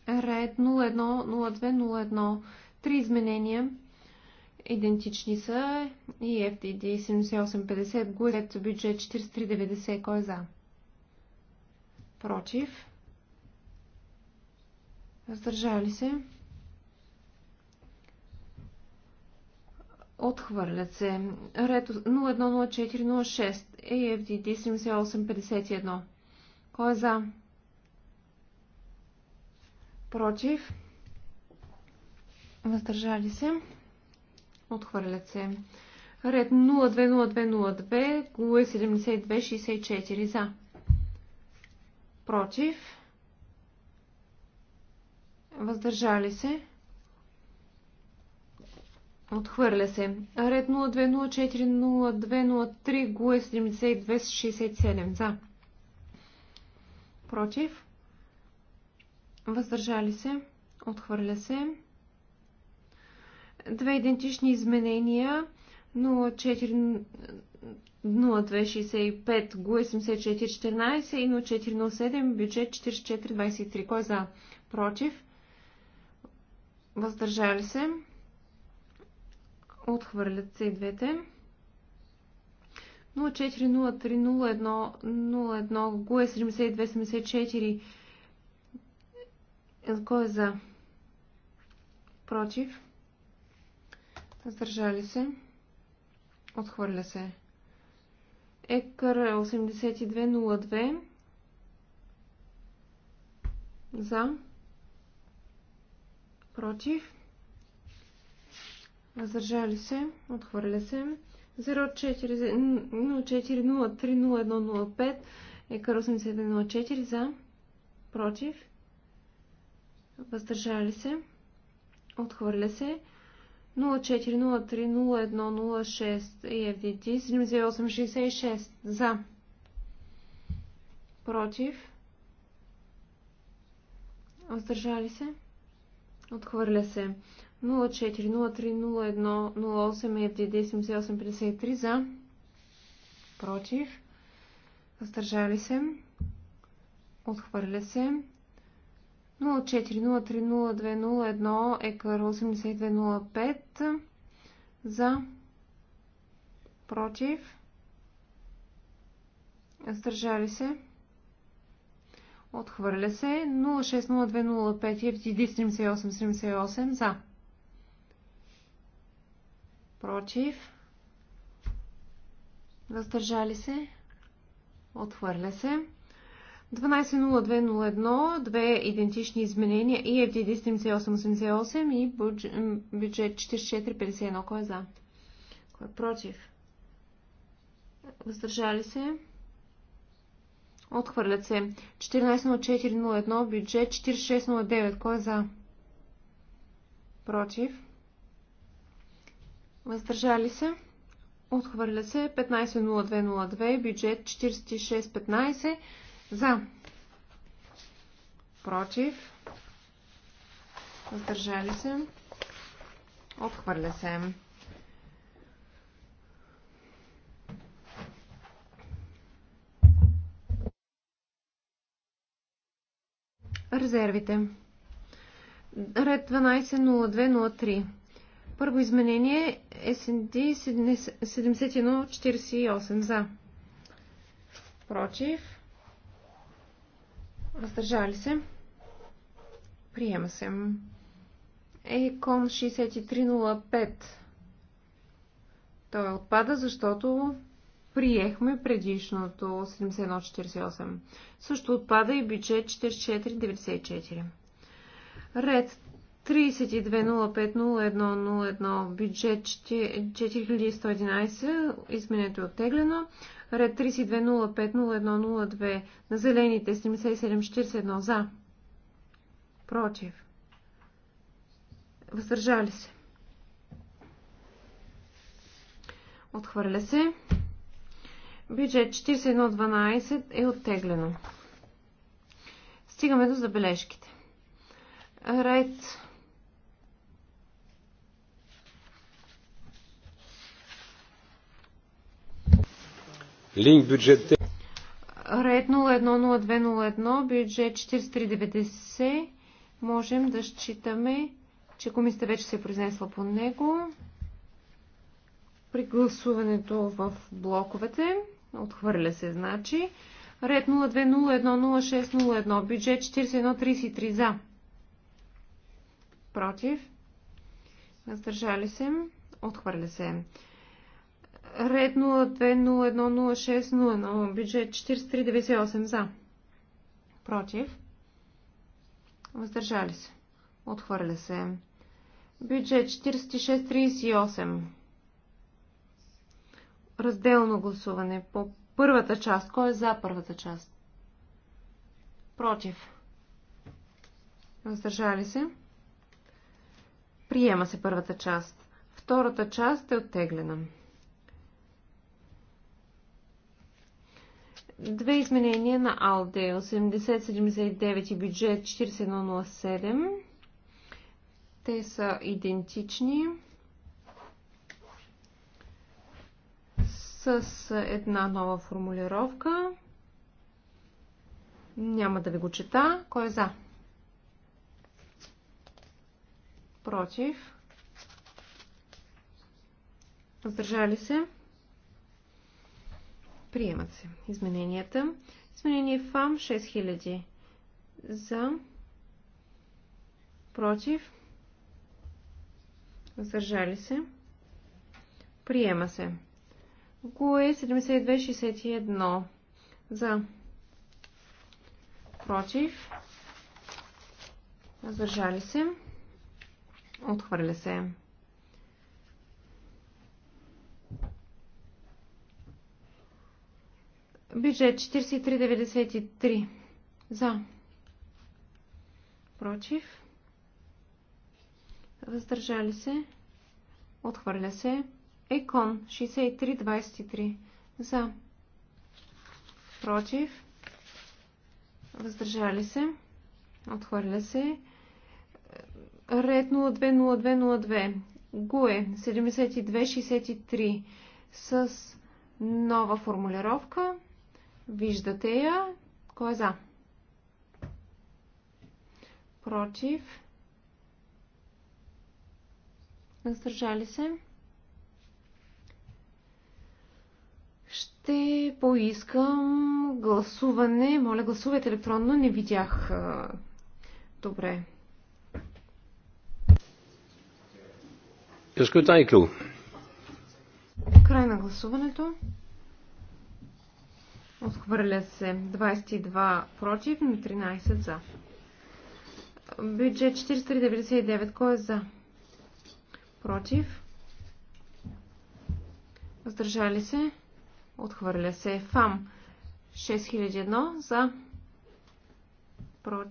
Ред 010201. Три изменения. Идентични са и FTD 7850, Гурет бюджет 4390, кой е за? Против. Въздържали се. Отхвърлят се. Ред 010406, AFDD 7851. Кой е за? Против. Въздържали се. Отхвърлят се. Ред 020202, ГУЕ 7264 за. Против. Въздържали се. Отхвърля се. Ред 02040203, ГУЕ 7267 за. Против. Въздържали се. Отхвърля се. Две идентични изменения 04 0265 ГУ 14 и 0407 бюджет 4423. Кой е за? Против? Въздържали се? Отхвърлят се и двете. 04-03-01-01 ГУ 72 7274. Кой е за? Против? Въздържали се. Отхвърля се. Екър 8202. За. Против. Въздържали се. Отхвърля се. 04030105 Екър 8204. За. Против. Въздържали се. Отхвърля се. 0403-0106 и FDT 7866 за против въздържали се отхвърля се 0403-0108 FDT 7853 за против въздържали се отхвърля се 04030201 екър 8205 за против Сдържали се. Отхвърля се. 060205 7878 за. Против. Въздържали се. Отхвърля се. 12.02.01, две идентични изменения и FDD 7888 и бюджет 4451. Кой е за? Кой е против? Въздържали се? Отхвърлят се. 14.04.01, бюджет 4609. Кой е за? Против? Въздържали се? Отхвърля се. 15.02.02, бюджет 4615. За. Против. Въздържали се. Отхвърля се. Резервите. Ред 12.02.03. Първо изменение е СНД 71.48 за. Против. Въздържали се. Приема се. Екон 6305. Той отпада, защото приехме предишното 7148. Също отпада и бюджет 4494. Ред 32050101 бюджет 4111 изменето е оттеглено. Ред 32050102 на зелените 7741 за. Против. Въздържали се. Отхвърля се. Бюджет 4112 е оттеглено. Стигаме до забележките. Ред Линк бюджет. Ред 010201, бюджет 4390. Можем да считаме, че комисията вече се е произнесла по него. При гласуването в блоковете. Отхвърля се, значи. Ред 02010601, бюджет 4133 за. Против. Въздържали се. Отхвърля се. Ред 2010601, бюджет 4398 за. Против. Въздържали се. Отхвърля се. Бюджет 4638. Разделно гласуване по първата част. Кой е за първата част? Против. Въздържали се. Приема се първата част. Втората част е оттеглена. Две изменения на АЛДЕ 8079 и бюджет 4107. Те са идентични с една нова формулировка. Няма да ви го чета. Кой е за? Против. Въздържали се. Приемат се измененията. Изменение ФАМ 6000 за, против, въздържали се. Приема се. ГУЕ 7261 за, против, въздържали се. Отхвърля се. Бюджет 4393. За. Против. Въздържали се. Отхвърля се. Екон 6323. За. Против. Въздържали се. Отхвърля се. Ред 020202. ГУЕ 7263 с нова формулировка. Виждате я. Кой е за? Против. Въздържали се. Ще поискам гласуване. Моля, гласувайте електронно. Не видях добре. Край на гласуването. Отхвърля се 22 против, 13 за. Бюджет 499. Кой е за? Против. Въздържали се. Отхвърля се. ФАМ 6001 за. Про...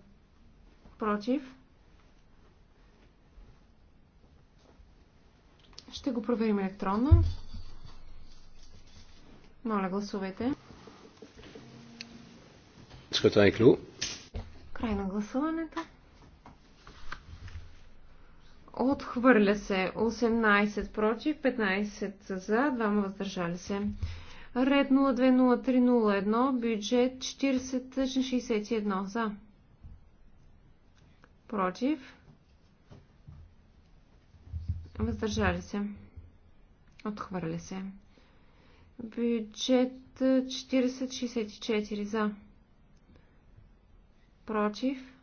Против. Ще го проверим електронно. Моля, гласувайте е клю. Край на гласуването. Отхвърля се 18 против, 15 за, 2 въздържали се. Ред 020301, бюджет 4061 за. Против. Въздържали се. Отхвърля се. Бюджет 4064 за против,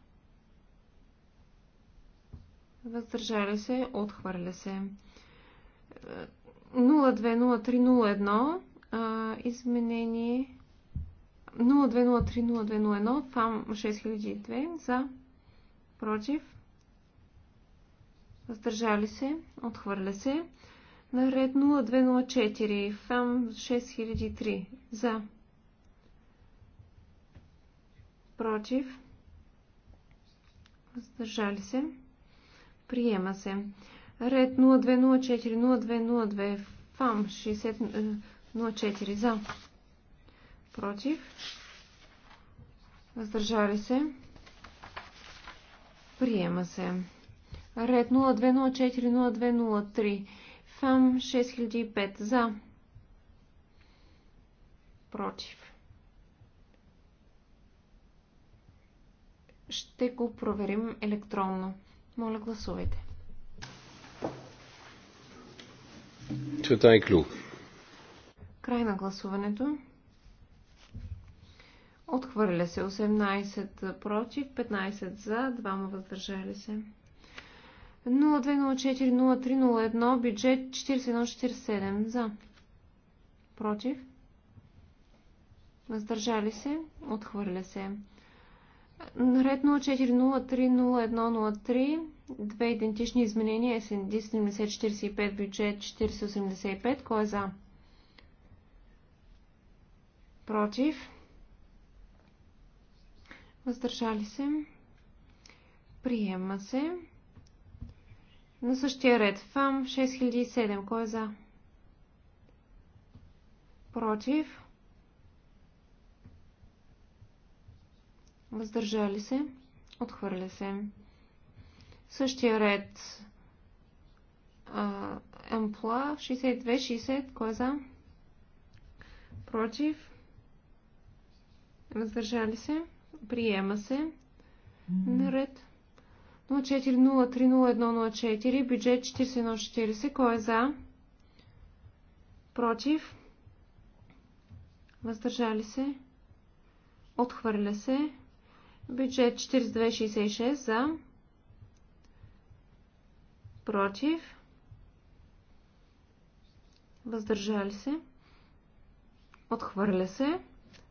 въздържали се, отхвърля се. 020301 изменение 020301, фам 6002 за против въздържали се отхвърля се наред 0204 фам 6003 за против въздържали се, приема се. Ред 0204 0202 ФАМ 6004 е, за, против, въздържали се, приема се. Ред 0204 0203 ФАМ 6005 за, против ще го проверим електронно. Моля, гласувайте. Чета е клю. Край на гласуването. Отхвърля се 18 против, 15 за, 2 въздържали се. 0204-0301, бюджет 4147 за. Против. Въздържали се. Отхвърля се. Наред 04030103. две идентични изменения, СНД 7045, бюджет 4085. Кой е за? Против? Въздържали се? Приема се. На същия ред. ФАМ 6007. Кой е за? Против? въздържали се, отхвърля се. Същия ред Емпла 62-60, кой е за? Против, въздържали се, приема се. Наред 04030104, бюджет 41-40. кой е за? Против, въздържали се, отхвърля се. Бюджет 4266 за. Против. Въздържали се. Отхвърля се.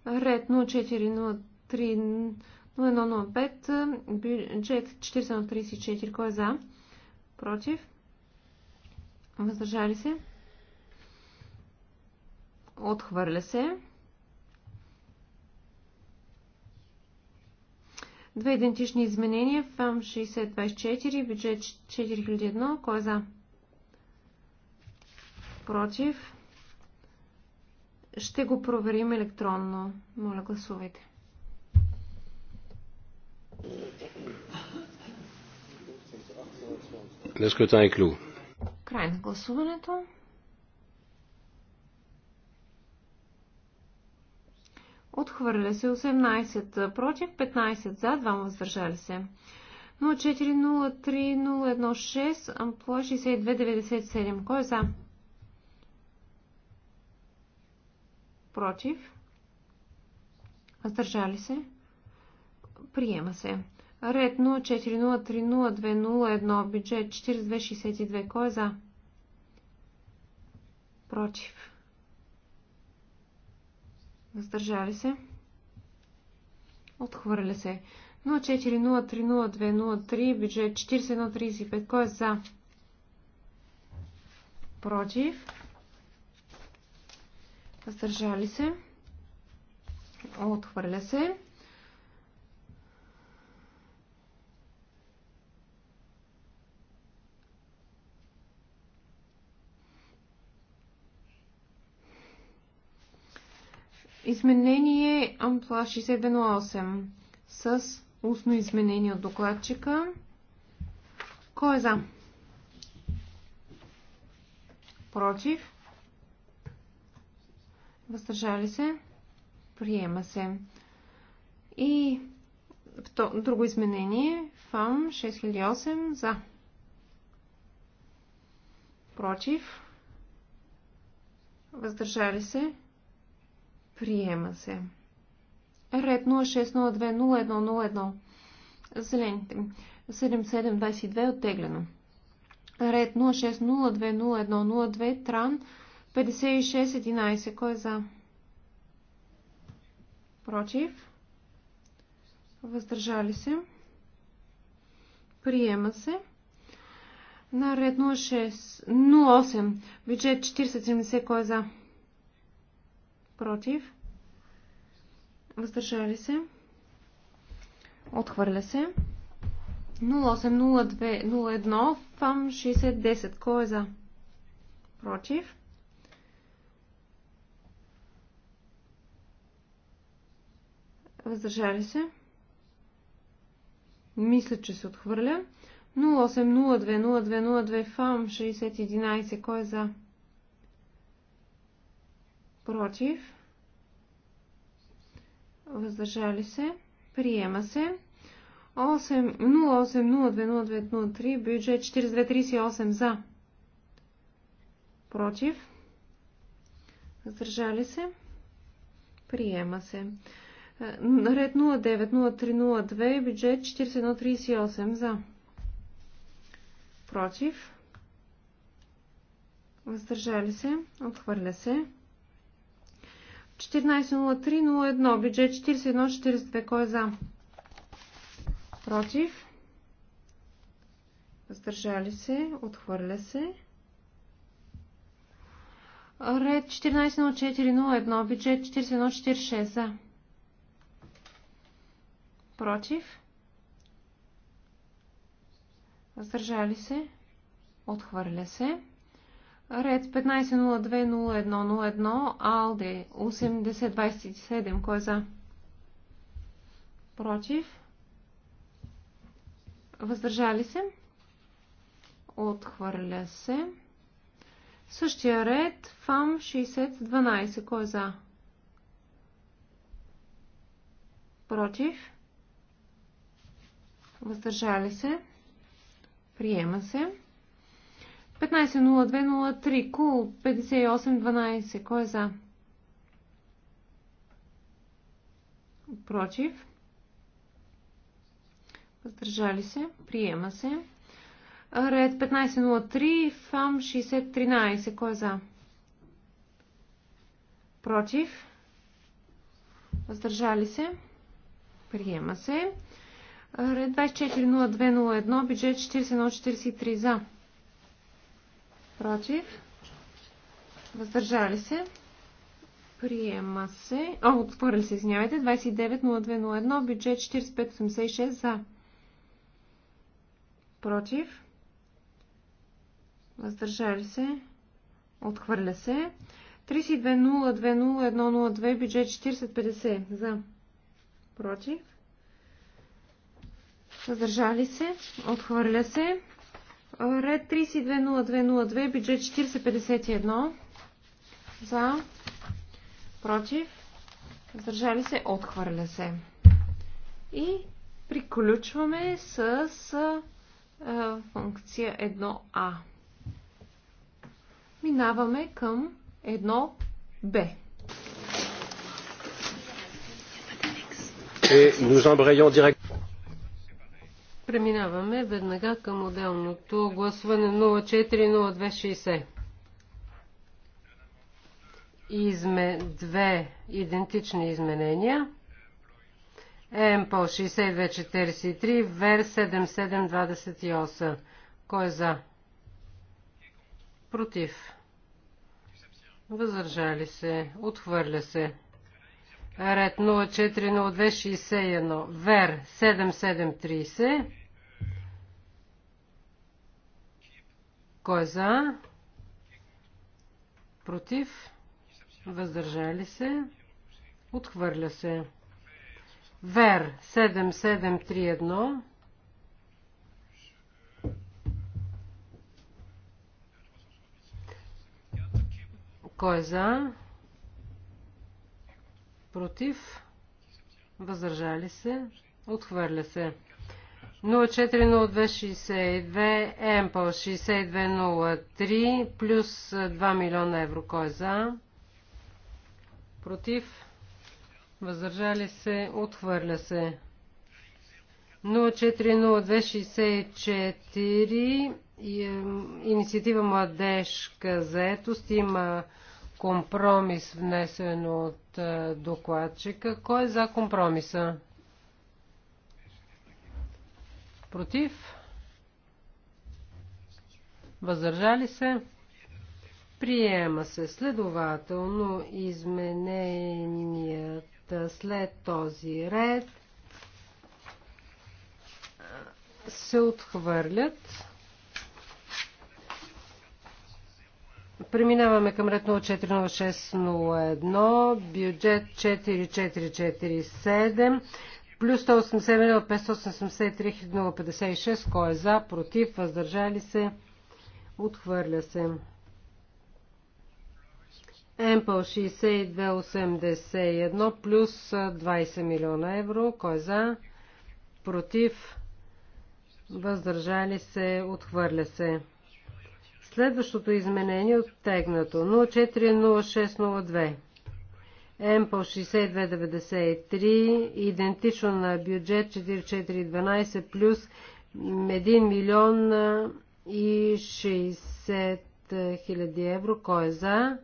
Ред 0403-0105. Бюджет 434, Кой е за? Против. Въздържали се. Отхвърля се. Две идентични изменения. ФАМ 6024, бюджет 4001. Кой е за? Против. Ще го проверим електронно. Моля, гласувайте. Le е est клюв Край на гласуването. Отхвърля се 18 против, 15 за, 2 въздържали се. 0403016 ампула ампло 6297. Кой е за? Против. Въздържали се. Приема се. Ред 0403020 бюджет 4262. Кой е за? Против. Въздържали се. Отхвърля се. 04030203, бюджет 4135. Кой е за? Против. Въздържали се. Отхвърля се. Изменение Ампла 6108 с устно изменение от докладчика. Кой е за? Против? Въздържали се? Приема се. И друго изменение. ФАМ 6008 за. Против? Въздържали се? Приема се. Ред 0602-0101. Зелените. 7722 е оттеглено. Ред 0602-0102. Тран 5611. Кой е за? Против. Въздържали се. Приема се. На ред 0608. Бюджет 4070. Кой е за? против, въздържали се, отхвърля се. 080201 фам 6010. Кой е за? Против. Въздържали се. Мисля, че се отхвърля. 08020202 фам 6011. Кой е за? против, въздържали се, приема се. 08-02-02-03, бюджет 4238 за, против, въздържали се, приема се. Е, ред 090302, бюджет 4138 за, против, въздържали се, отхвърля се. 14.03.01. Бюджет 41.42. Кой е за? Против. Въздържали се. Отхвърля се. Ред 14.04.01. Бюджет 41.46. За. Против. Въздържали се. Отхвърля се. Ред 15020101 АЛДЕ 8027. Кой е за? Против? Въздържали се? Отхвърля се. Същия ред ФАМ 6012. Кой е за? Против? Въздържали се? Приема се. 15.02.03. Кул 58.12. Кой е за? Против. Въздържали се. Приема се. Ред 15.03. ФАМ 60.13. Кой е за? Против. Въздържали се. Приема се. Ред 24.02.01. Бюджет 41.43. За. Против. Въздържали се. Приема се. О, отхвърли се, извинявайте. 29.02.01. Бюджет 45.86. За. Против. Въздържали се. Отхвърля се. 32.02.01.02. Бюджет 40.50. За. Против. Въздържали се. Отхвърля се. Ред 320202, бюджет 4051. За. Против. Въздържали се. Отхвърля се. И приключваме с а, функция 1А. Минаваме към 1Б. Et nous embrayons direct. Преминаваме веднага към отделното гласуване 040260. Изме две идентични изменения. ЕМПО 6243, ВЕР 7728. Кой е за? Против. Възържали се. Отхвърля се. Ред 040261. Вер 7730. Кой е за? Против? Въздържали се? Отхвърля се. Вер 7731. Кой е за? против, въздържали се, отхвърля се. 040262 МПО 6203 плюс 2 милиона евро. Кой е за? Против? Въздържали се? Отхвърля се. 040264 инициатива Младежка заетост има компромис, внесен от е, докладчика. Кой е за компромиса? Против? Въздържали се? Приема се следователно измененията след този ред се отхвърлят. Преминаваме към ред 040601, бюджет 4447, плюс 187 573 056. Кой е за, против, въздържали се, отхвърля се. МПЛ 6281 плюс 20 милиона евро. Кой е за? Против? Въздържали се? Отхвърля се. Следващото изменение е оттегнато. 040602. МПО 6293, идентично на бюджет 4412 плюс 1 милион и 60 хиляди евро. Кой е за?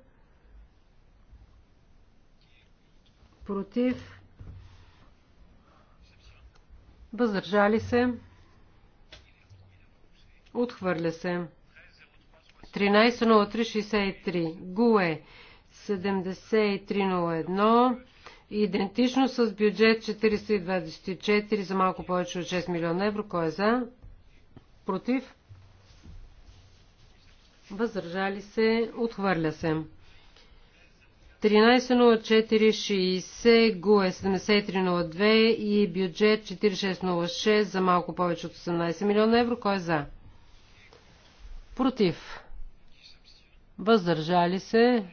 Против? Въздържали се? Отхвърля се. 130363. ГУЕ 7301. Идентично с бюджет 424 за малко повече от 6 милиона евро. Кой е за? Против? Въздържали се? Отхвърля се. 13.04.60, ГУЕ 7302 и бюджет 4606 за малко повече от 18 милиона евро. Кой е за? Против? въздържали се,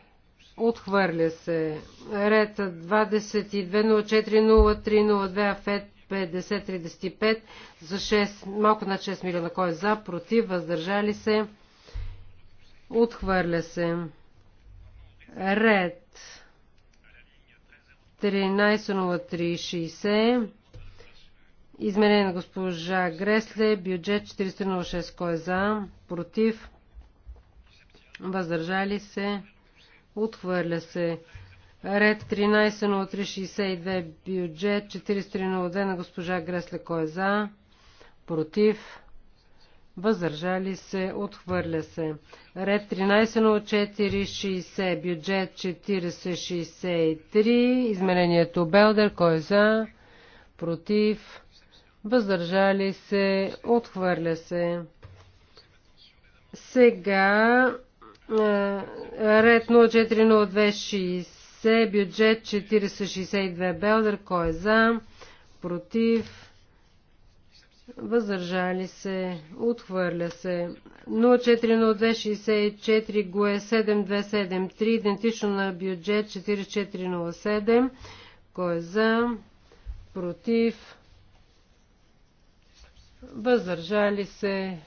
отхвърля се. Ред 22040302 5035 за 6, малко над 6 милиона. Кой е за, против, въздържали се, отхвърля се. Ред 130360 Изменение на госпожа Гресле, бюджет 406, кой е за, против, въздържали се, отхвърля се. Ред 130362 бюджет 4302 на госпожа Гресле, кой е за, против, въздържали се, отхвърля се. Ред 130460 бюджет 4063 измерението Белдер, кой е за, против, въздържали се, отхвърля се. Сега е, ред 040260, бюджет 462 Белдър. Кой е за? Против? Въздържали се? Отхвърля се. 040264 е 7273, идентично на бюджет 4407. Кой е за? Против? Въздържали се?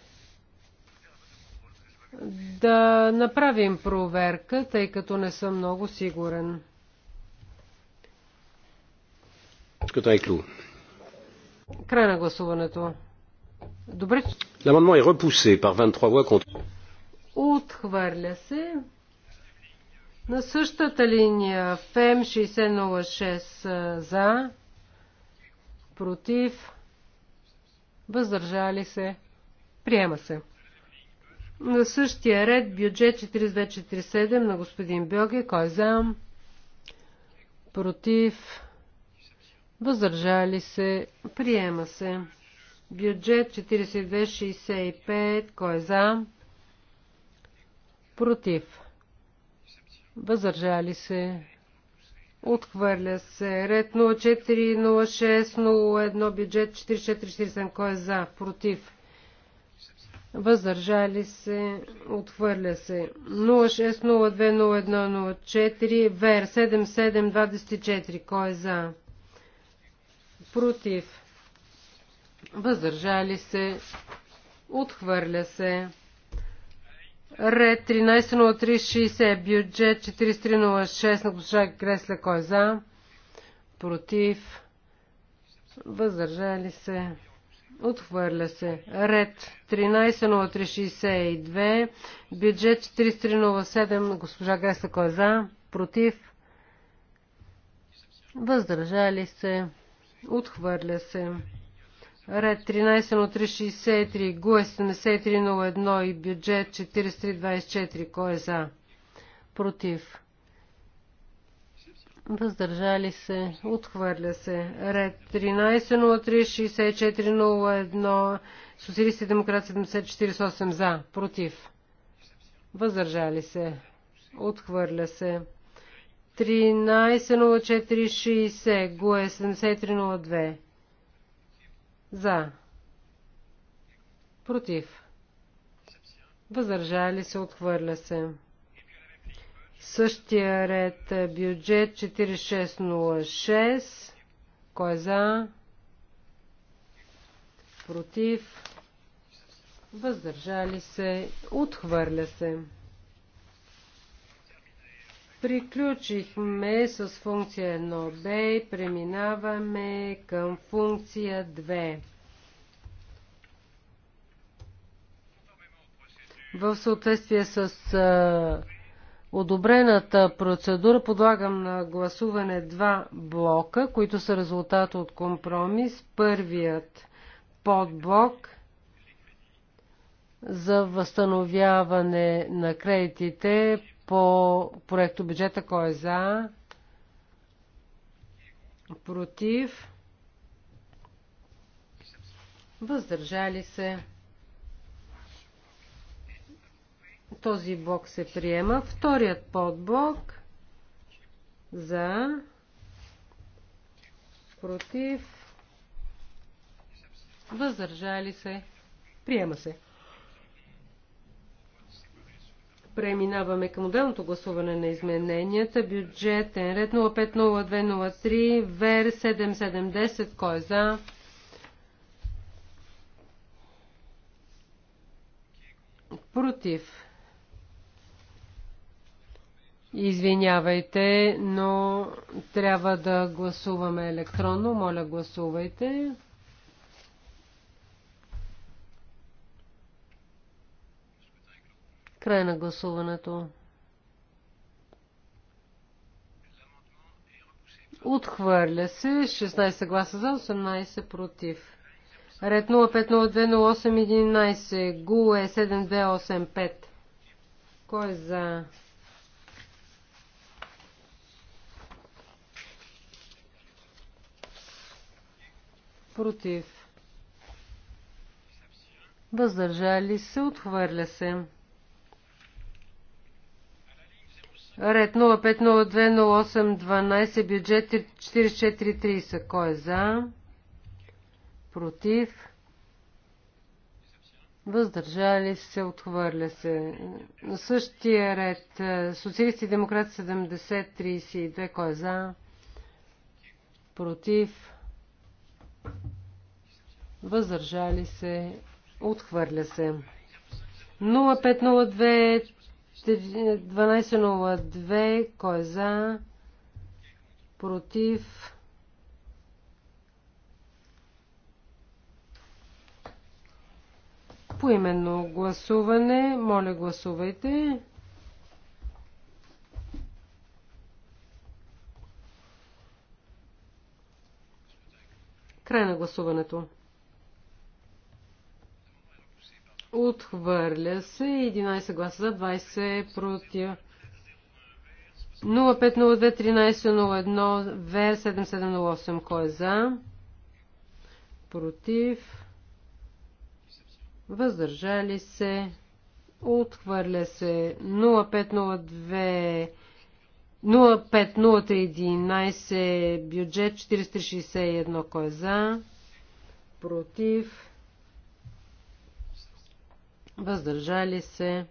да направим проверка, тъй като не съм много сигурен. Е Край на гласуването. Добре. L'amendement е repoussé par 23 voix contre. Отхвърля се. На същата линия ФЕМ 606 за, против, въздържали се, приема се. На същия ред бюджет 4247 на господин Бьоге. Кой е за? Против? Въздържали се? Приема се. Бюджет 4265. Кой е за? Против? Въздържали се? Отхвърля се. Ред 040601. Бюджет 4447. Кой е за? Против? въздържали се, отхвърля се. 06020104, ВЕР 7724, кой е за? Против, въздържали се, отхвърля се. Ред 130360, бюджет 4306 на госпожа Кресле, кой е за? Против, въздържали се. Отхвърля се. Ред 130362. Бюджет 4307. Госпожа Греста, кой е за? Против? Въздържали се. Отхвърля се. Ред 130363. ГУЕ 7301 и бюджет 4324. Кой е за? Против? въздържали се, отхвърля се. Ред 13.03.64.01, социалисти демократ 7048 за, против, въздържали се, отхвърля се. 13.04.60, ГУЕ 7302 за, против, въздържали се, отхвърля се. Същия ред е бюджет 4606. Кой е за? Против? Въздържали се? Отхвърля се. Приключихме с функция 1b и преминаваме към функция 2. В съответствие с одобрената процедура подлагам на гласуване два блока, които са резултат от компромис. Първият подблок за възстановяване на кредитите по проекто бюджета. Кой е за? Против? Въздържали се? Този блок се приема. Вторият подблок за против въздържали се приема се. Преминаваме към отделното гласуване на измененията. Бюджетен ред 050203 ВЕР 7710. Кой е за? Против. Извинявайте, но трябва да гласуваме електронно. Моля, гласувайте. Край на гласуването. Отхвърля се. 16 гласа за, 18 против. Ред 11. ГУ е 7285. Кой е за? против, въздържали се, отхвърля се. Ред 05020812, бюджет 4430. Кой е за? Против? Въздържали се, отхвърля се. На същия ред. Е, социалисти и демократи 7032. Кой е за? Против? въздържали се, отхвърля се. 0502 1202, кой е за, против, поименно гласуване, моля гласувайте. Край на гласуването. Отхвърля се 11 гласа за 20 против. 0502-1301 В7708. Кой е за? Против. Въздържали се. Отхвърля се 0502 05 011. бюджет 461 кой е за, против, въздържали се,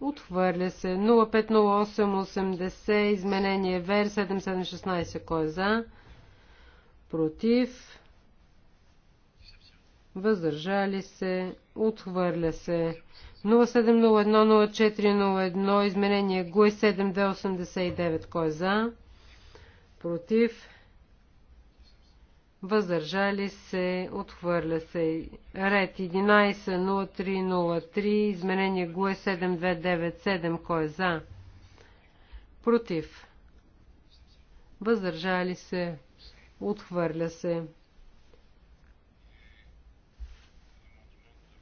отхвърля се 050880 изменение ВЕР 7716 кой е за, против, въздържали се, Отхвърля се. 07010401 изменение ГУЕ 7289. Кой е за? Против? Въздържали се. Отхвърля се. Ред 110303 изменение ГУЕ 7297. Кой е за? Против? Въздържали се. Отхвърля се.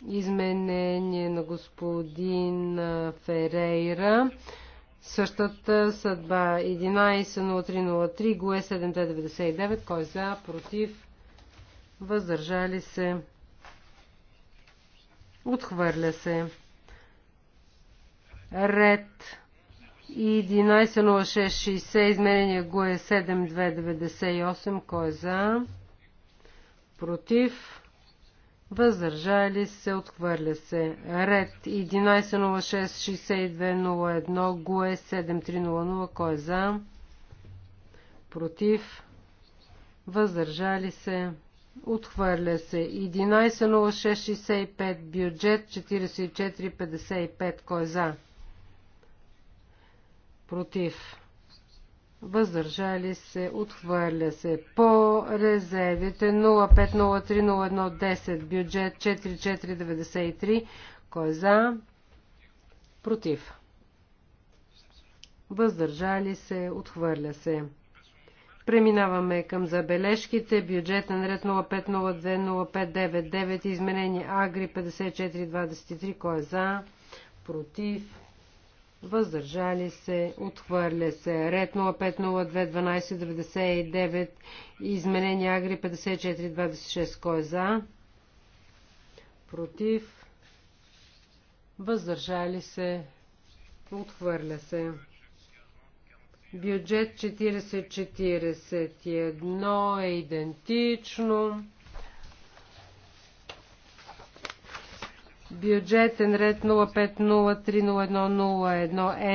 изменение на господин Ферейра. Същата съдба 11.03.03, ГУЕ 7.99, кой е за, против, въздържали се, отхвърля се. Ред 11.06.60, изменение ГУЕ 7.298, кой е за, против, въздържали се, отхвърля се. Ред 1106-6201, ГУЕ 7300, кой е за? Против, въздържали се, отхвърля се. 1106-65, бюджет 4455, кой е за? Против въздържали се, отхвърля се. По резервите 05030110, бюджет 4493, кой е за? Против. Въздържали се, отхвърля се. Преминаваме към забележките. Бюджетен ред 05020599, изменение Агри 5423, кой е за? Против въздържали се, отхвърля се. Ред 0502-1299, изменение Агри 5426, кой е за? Против, въздържали се, отхвърля се. Бюджет 4041 е идентично. Бюджетен ред 05030101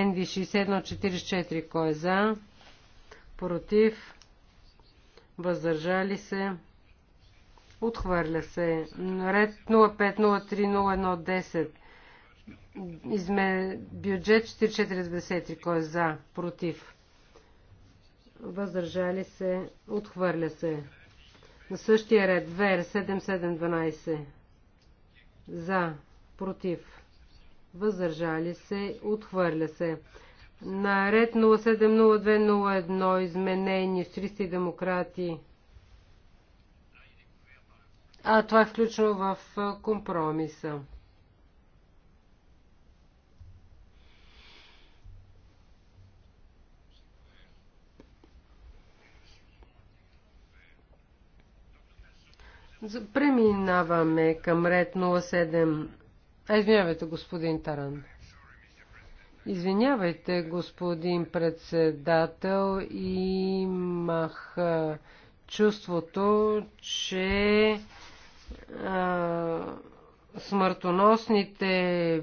НД 6144. Кой е за? Против? Въздържали се? Отхвърля се. Ред 0503010. Изме... Бюджет 4493. Кой е за? Против? Въздържали се? Отхвърля се. На същия ред. ВР 7712. За против, въздържали се, отхвърля се. На ред 070201 изменени с 300 демократи. А това е включено в компромиса. Преминаваме към ред 07 а Извинявайте, господин Таран. Извинявайте, господин председател, имах чувството, че а, смъртоносните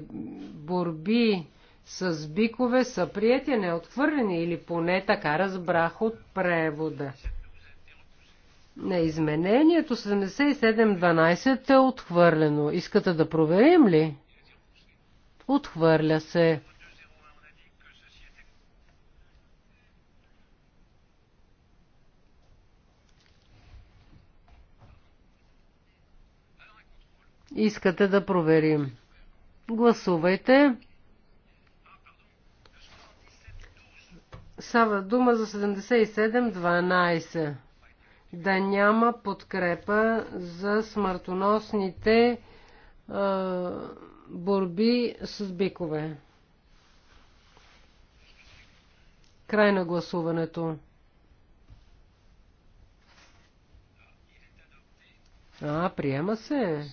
борби с бикове са приятели не отхвърлени или поне така разбрах от превода на изменението 7712 е отхвърлено. Искате да проверим ли? Отхвърля се. Искате да проверим. Гласувайте. Става дума за 77-12 да няма подкрепа за смъртоносните а, борби с бикове. Край на гласуването. А, приема се.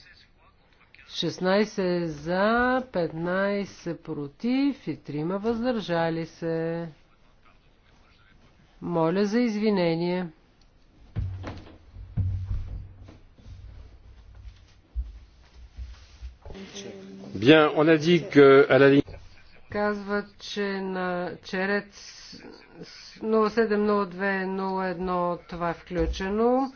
16 за, 15 против и 3 въздържали се. Моля за извинение. Bien, on a dit que à la ligne... Казва, че на черед 070201 това е включено.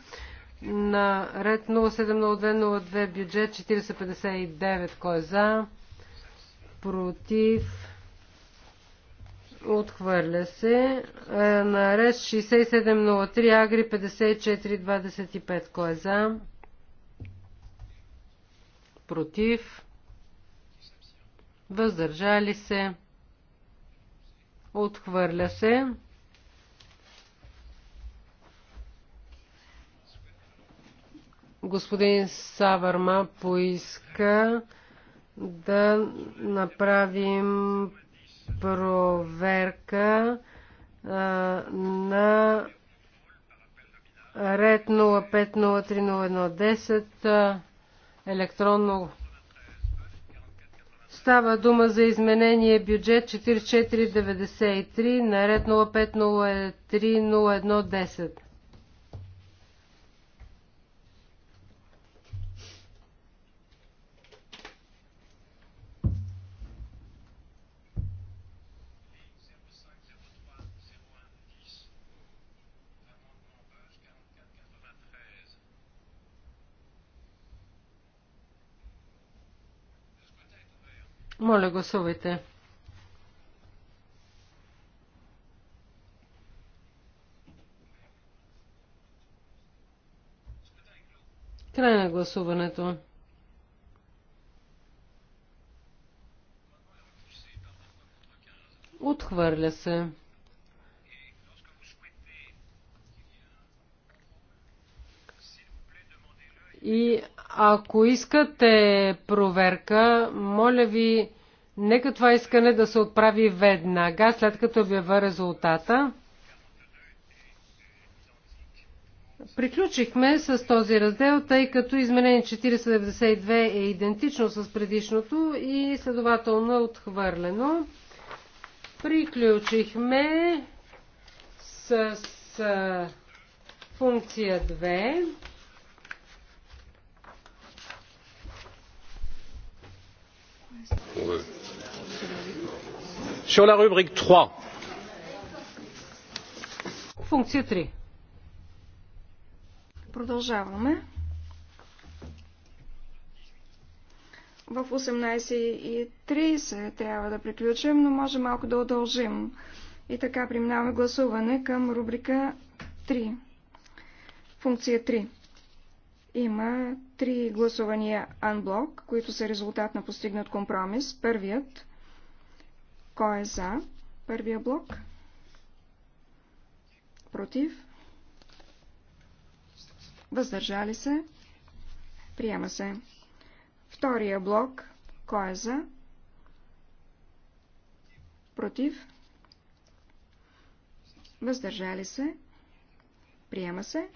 На ред 070202 бюджет 4059 кой е за? Против? Отхвърля се. Е, на ред 6703 Агри 5425 кой е за? Против? въздържали се, отхвърля се. Господин Саварма поиска да направим проверка а, на ред 050301010 електронно Става дума за изменение бюджет 4493 на ред 05030110. Моля, гласувайте. Край на гласуването. Отхвърля се. И ако искате проверка, моля ви, Нека това искане да се отправи веднага, след като обява резултата. Приключихме с този раздел, тъй като изменение 492 е идентично с предишното и следователно е отхвърлено. Приключихме с, с функция 2. Ouais sur la rubrique trois Функция 3. Продължаваме. В 18.30 трябва да приключим, но може малко да удължим. И така преминаваме гласуване към рубрика 3. Функция 3. Има три гласувания анблок, които са резултат на постигнат компромис. Първият кой е за първия блок? Против? Въздържали се? Приема се. Втория блок. Кой е за? Против? Въздържали се? Приема се.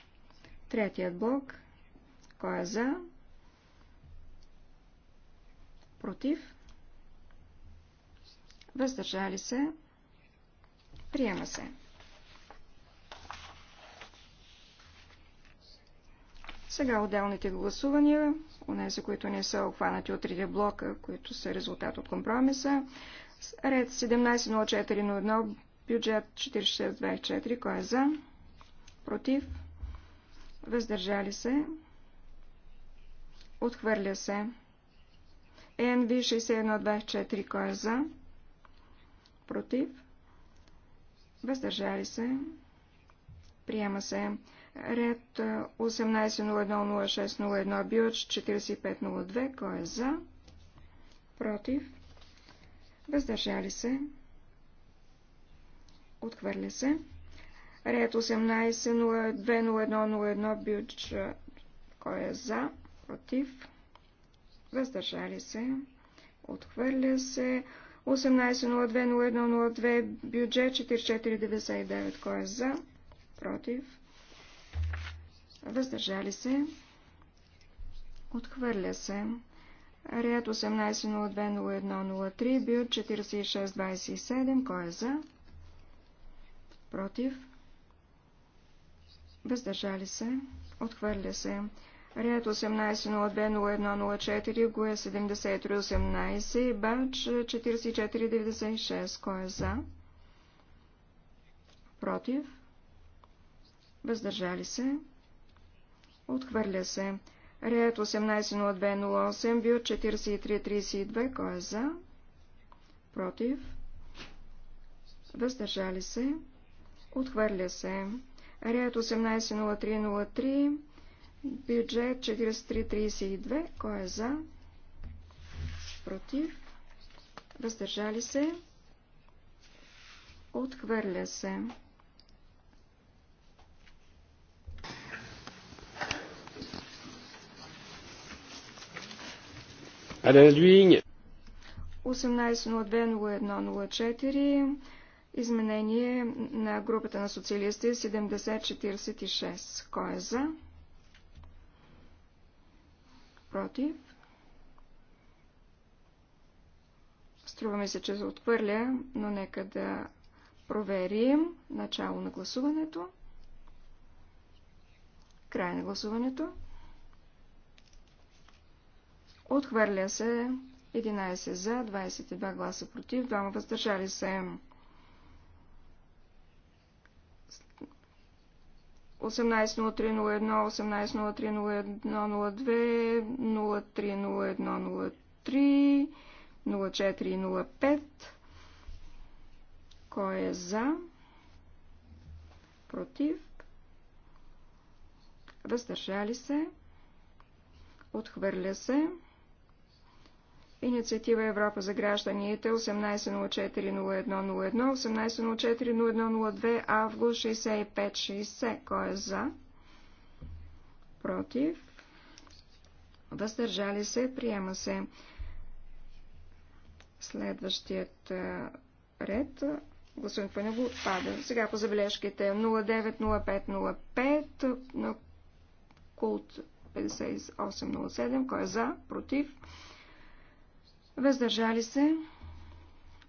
Третият блок. Кой е за? Против? въздържали се, приема се. Сега отделните гласувания, унези, които не са обхванати от 3 блока, които са резултат от компромиса. Ред 170401, бюджет 4624, кой е за? Против? Въздържали се? Отхвърля се. ЕНВ 6124, кой е за? против, въздържали се, приема се. Ред 18010601 бюч, 4502, кой е за, против, въздържали се, отхвърля се. Ред 18020101 бюджет, кой е за, против, въздържали се, отхвърля се. 18.02.01.02, бюджет 4499. Кой е за? Против? Въздържали се? Отхвърля се. Ред 18.02.01.03, бюджет 4627. Кой е за? Против? Въздържали се? Отхвърля се. Ред 18020104, ГУЕ 7318 и БАЧ 4496. Кой е за? Против? Въздържали се? Отхвърля се. Ред 180208, БЮ 4332. Кой е за? Против? Въздържали се? Отхвърля се. Ред 180303, Бюджет 4332. Кой е за? Против. Въздържали се. Отхвърля се. Ален Люинь. 18.02.01.04. Изменение на групата на социалисти 7046. Кой е за? против. Струва ми се, че се отхвърля, но нека да проверим начало на гласуването. Край на гласуването. Отхвърля се 11 за, 22 гласа против, 2 въздържали се. 180301, 18030102, 030103, 0405. Кой е за? Против? Въздържали се? Отхвърля се? Инициатива Европа за гражданите 1804-0101, 1804-0102, август 65-60. Кой е за? Против? Въздържали се? Приема се. Следващият ред. Гласуването по него отпада. Сега по забележките 090505 на култ 5807. Кой е за? Против? Против? въздържали се,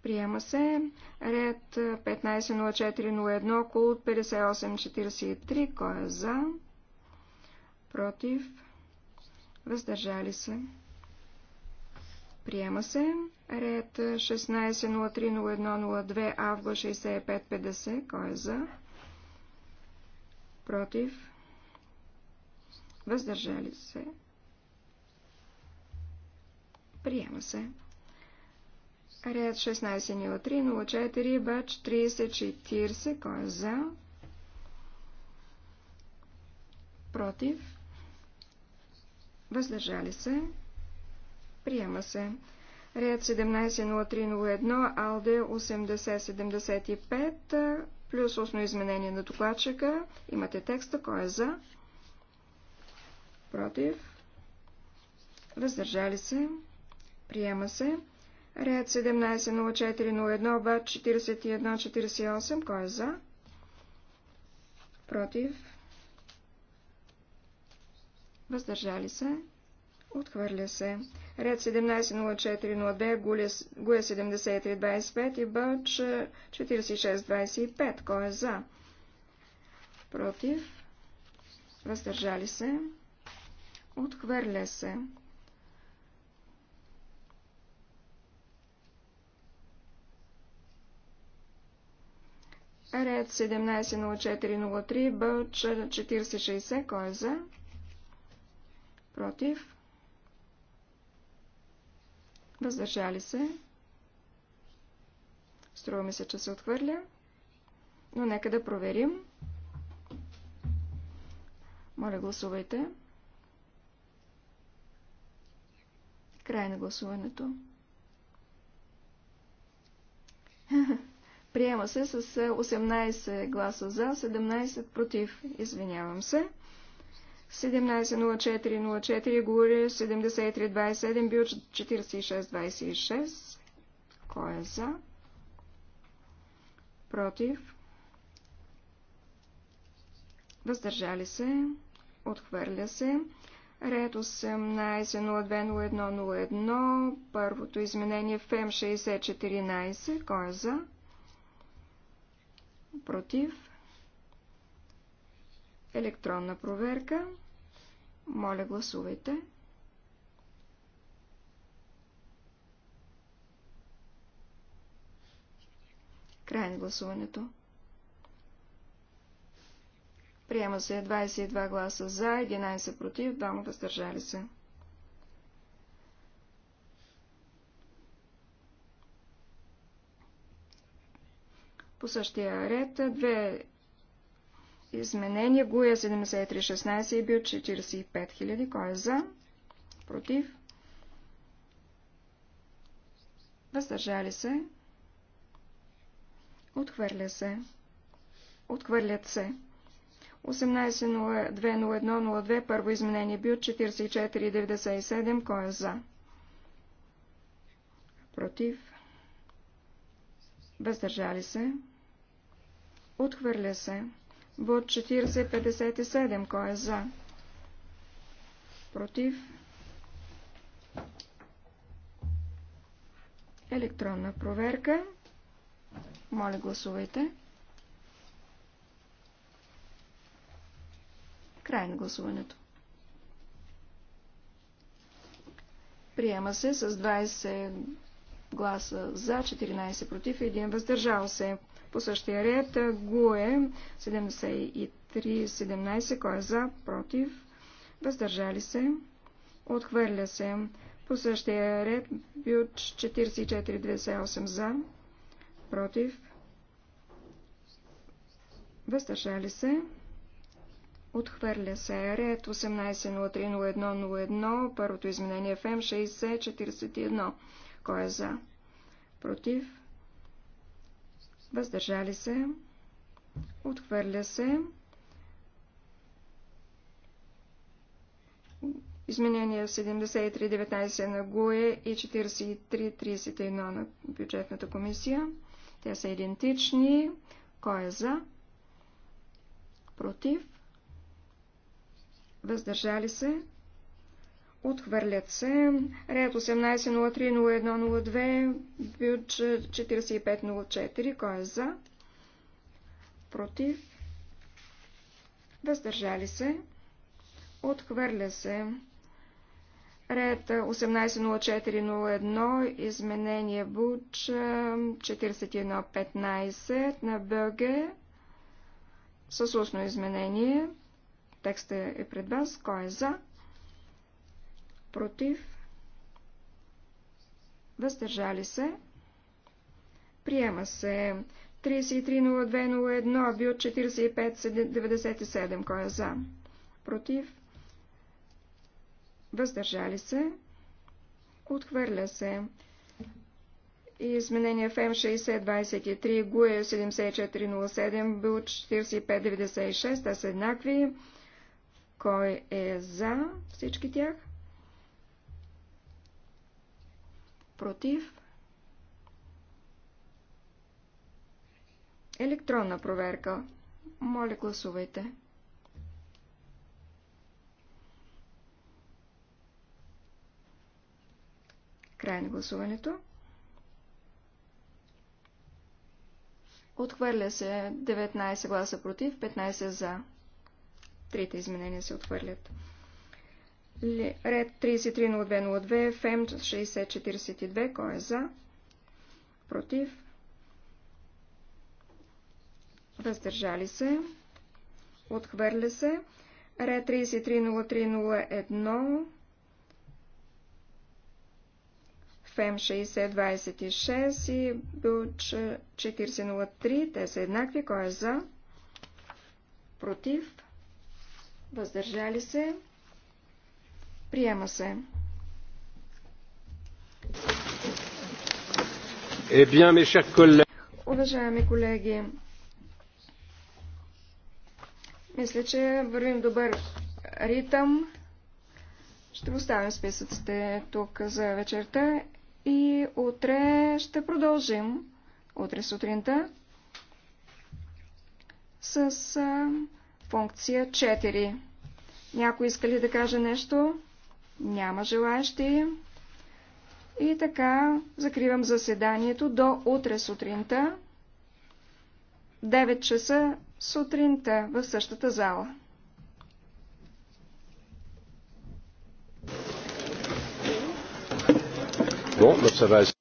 приема се, ред 150401, култ 5843, кой е за, против, въздържали се, приема се, ред 16030102, авго 6550, кой е за, против, въздържали се, Приема се. Ред 160304, бач 3040, кой е за? Против. Въздържали се. Приема се. Ред 170301, алде 8075, плюс устно изменение на докладчика. Имате текста, кой е за? Против. Въздържали се. Приема се. Ред 170401, бат 4148. Кой е за? Против. Въздържали се. Отхвърля се. Ред 170402, Гуя 7325 и Бълч 4625. Кой е за? Против. Въздържали се. Отхвърля се. Ред 170403, б 4060, кой е за? Против? Въздържали се? Струва ми се, че се отхвърля. Но нека да проверим. Моля, гласувайте. Край на гласуването. Приема се с 18 е, гласа за, 17 против. Извинявам се. 17.04.04, Гури 73.27, Бил 46.26. Кой е за? Против. Въздържали се. Отхвърля се. Ред 18.02.01.01. Първото изменение ФМ 60.14. Кой е за? против, електронна проверка. Моля, гласувайте. Край на гласуването. Приема се 22 гласа за, 11 против, 2 въздържали се. По същия ред, две изменения, ГУЯ 7316 и бил 45 000. Кой е за? Против? Въздържали се? Отхвърля се. Отхвърлят се. 18.02.01.02 първо изменение бил 44.97. Кой е за? Против? Въздържали се? Отхвърля се. Бот 4057. Кой е за? Против. Електронна проверка. Моля, гласувайте. Край на гласуването. Приема се с 20 гласа за, 14 против и 1 въздържал се. По същия ред ГУЕ 73-17, кой е за, против, въздържали се, отхвърля се. По същия ред бюджет 44-28 за, против, въздържали се. Отхвърля се ред 18.03.01.01, първото изменение е в М6041. Кой е за? Против? въздържали се, отхвърля се. Изменения 73.19 на ГУЕ и 43.31 на бюджетната комисия. Те са идентични. Кой е за? Против? Въздържали се? Отхвърлят се. Ред 18.03.01.02, бюджет 45.04. Кой е за? Против? Въздържали се. Отхвърля се. Ред 18.04.01, изменение БУЧ 41.15 на БГ с устно изменение. Текстът е пред вас. Кой е за? против, въздържали се, приема се 330201, бил 4597, кой е за, против, въздържали се, отхвърля се. И изменение ФМ 6023, ГУЕ 7407, БИЛ 4596, те са еднакви. Кой е за всички тях? против. Електронна проверка. Моля, гласувайте. Край на гласуването. Отхвърля се 19 гласа против, 15 за. Трите изменения се отхвърлят. Ред 330202, ФЕМ 6042, кой е за? Против? Въздържали се? Отхвърля се. Ред 330301, ФЕМ 6026 и бил 4003, те са еднакви, кой е за? Против? Въздържали се? Приема се. Eh bien, mes chers Уважаеми колеги, мисля, че вървим добър ритъм. Ще оставим списъците тук за вечерта и утре ще продължим. Утре сутринта с функция 4. Някой иска ли да каже нещо? Няма желаящи. И така, закривам заседанието до утре сутринта, 9 часа сутринта в същата зала. Bon,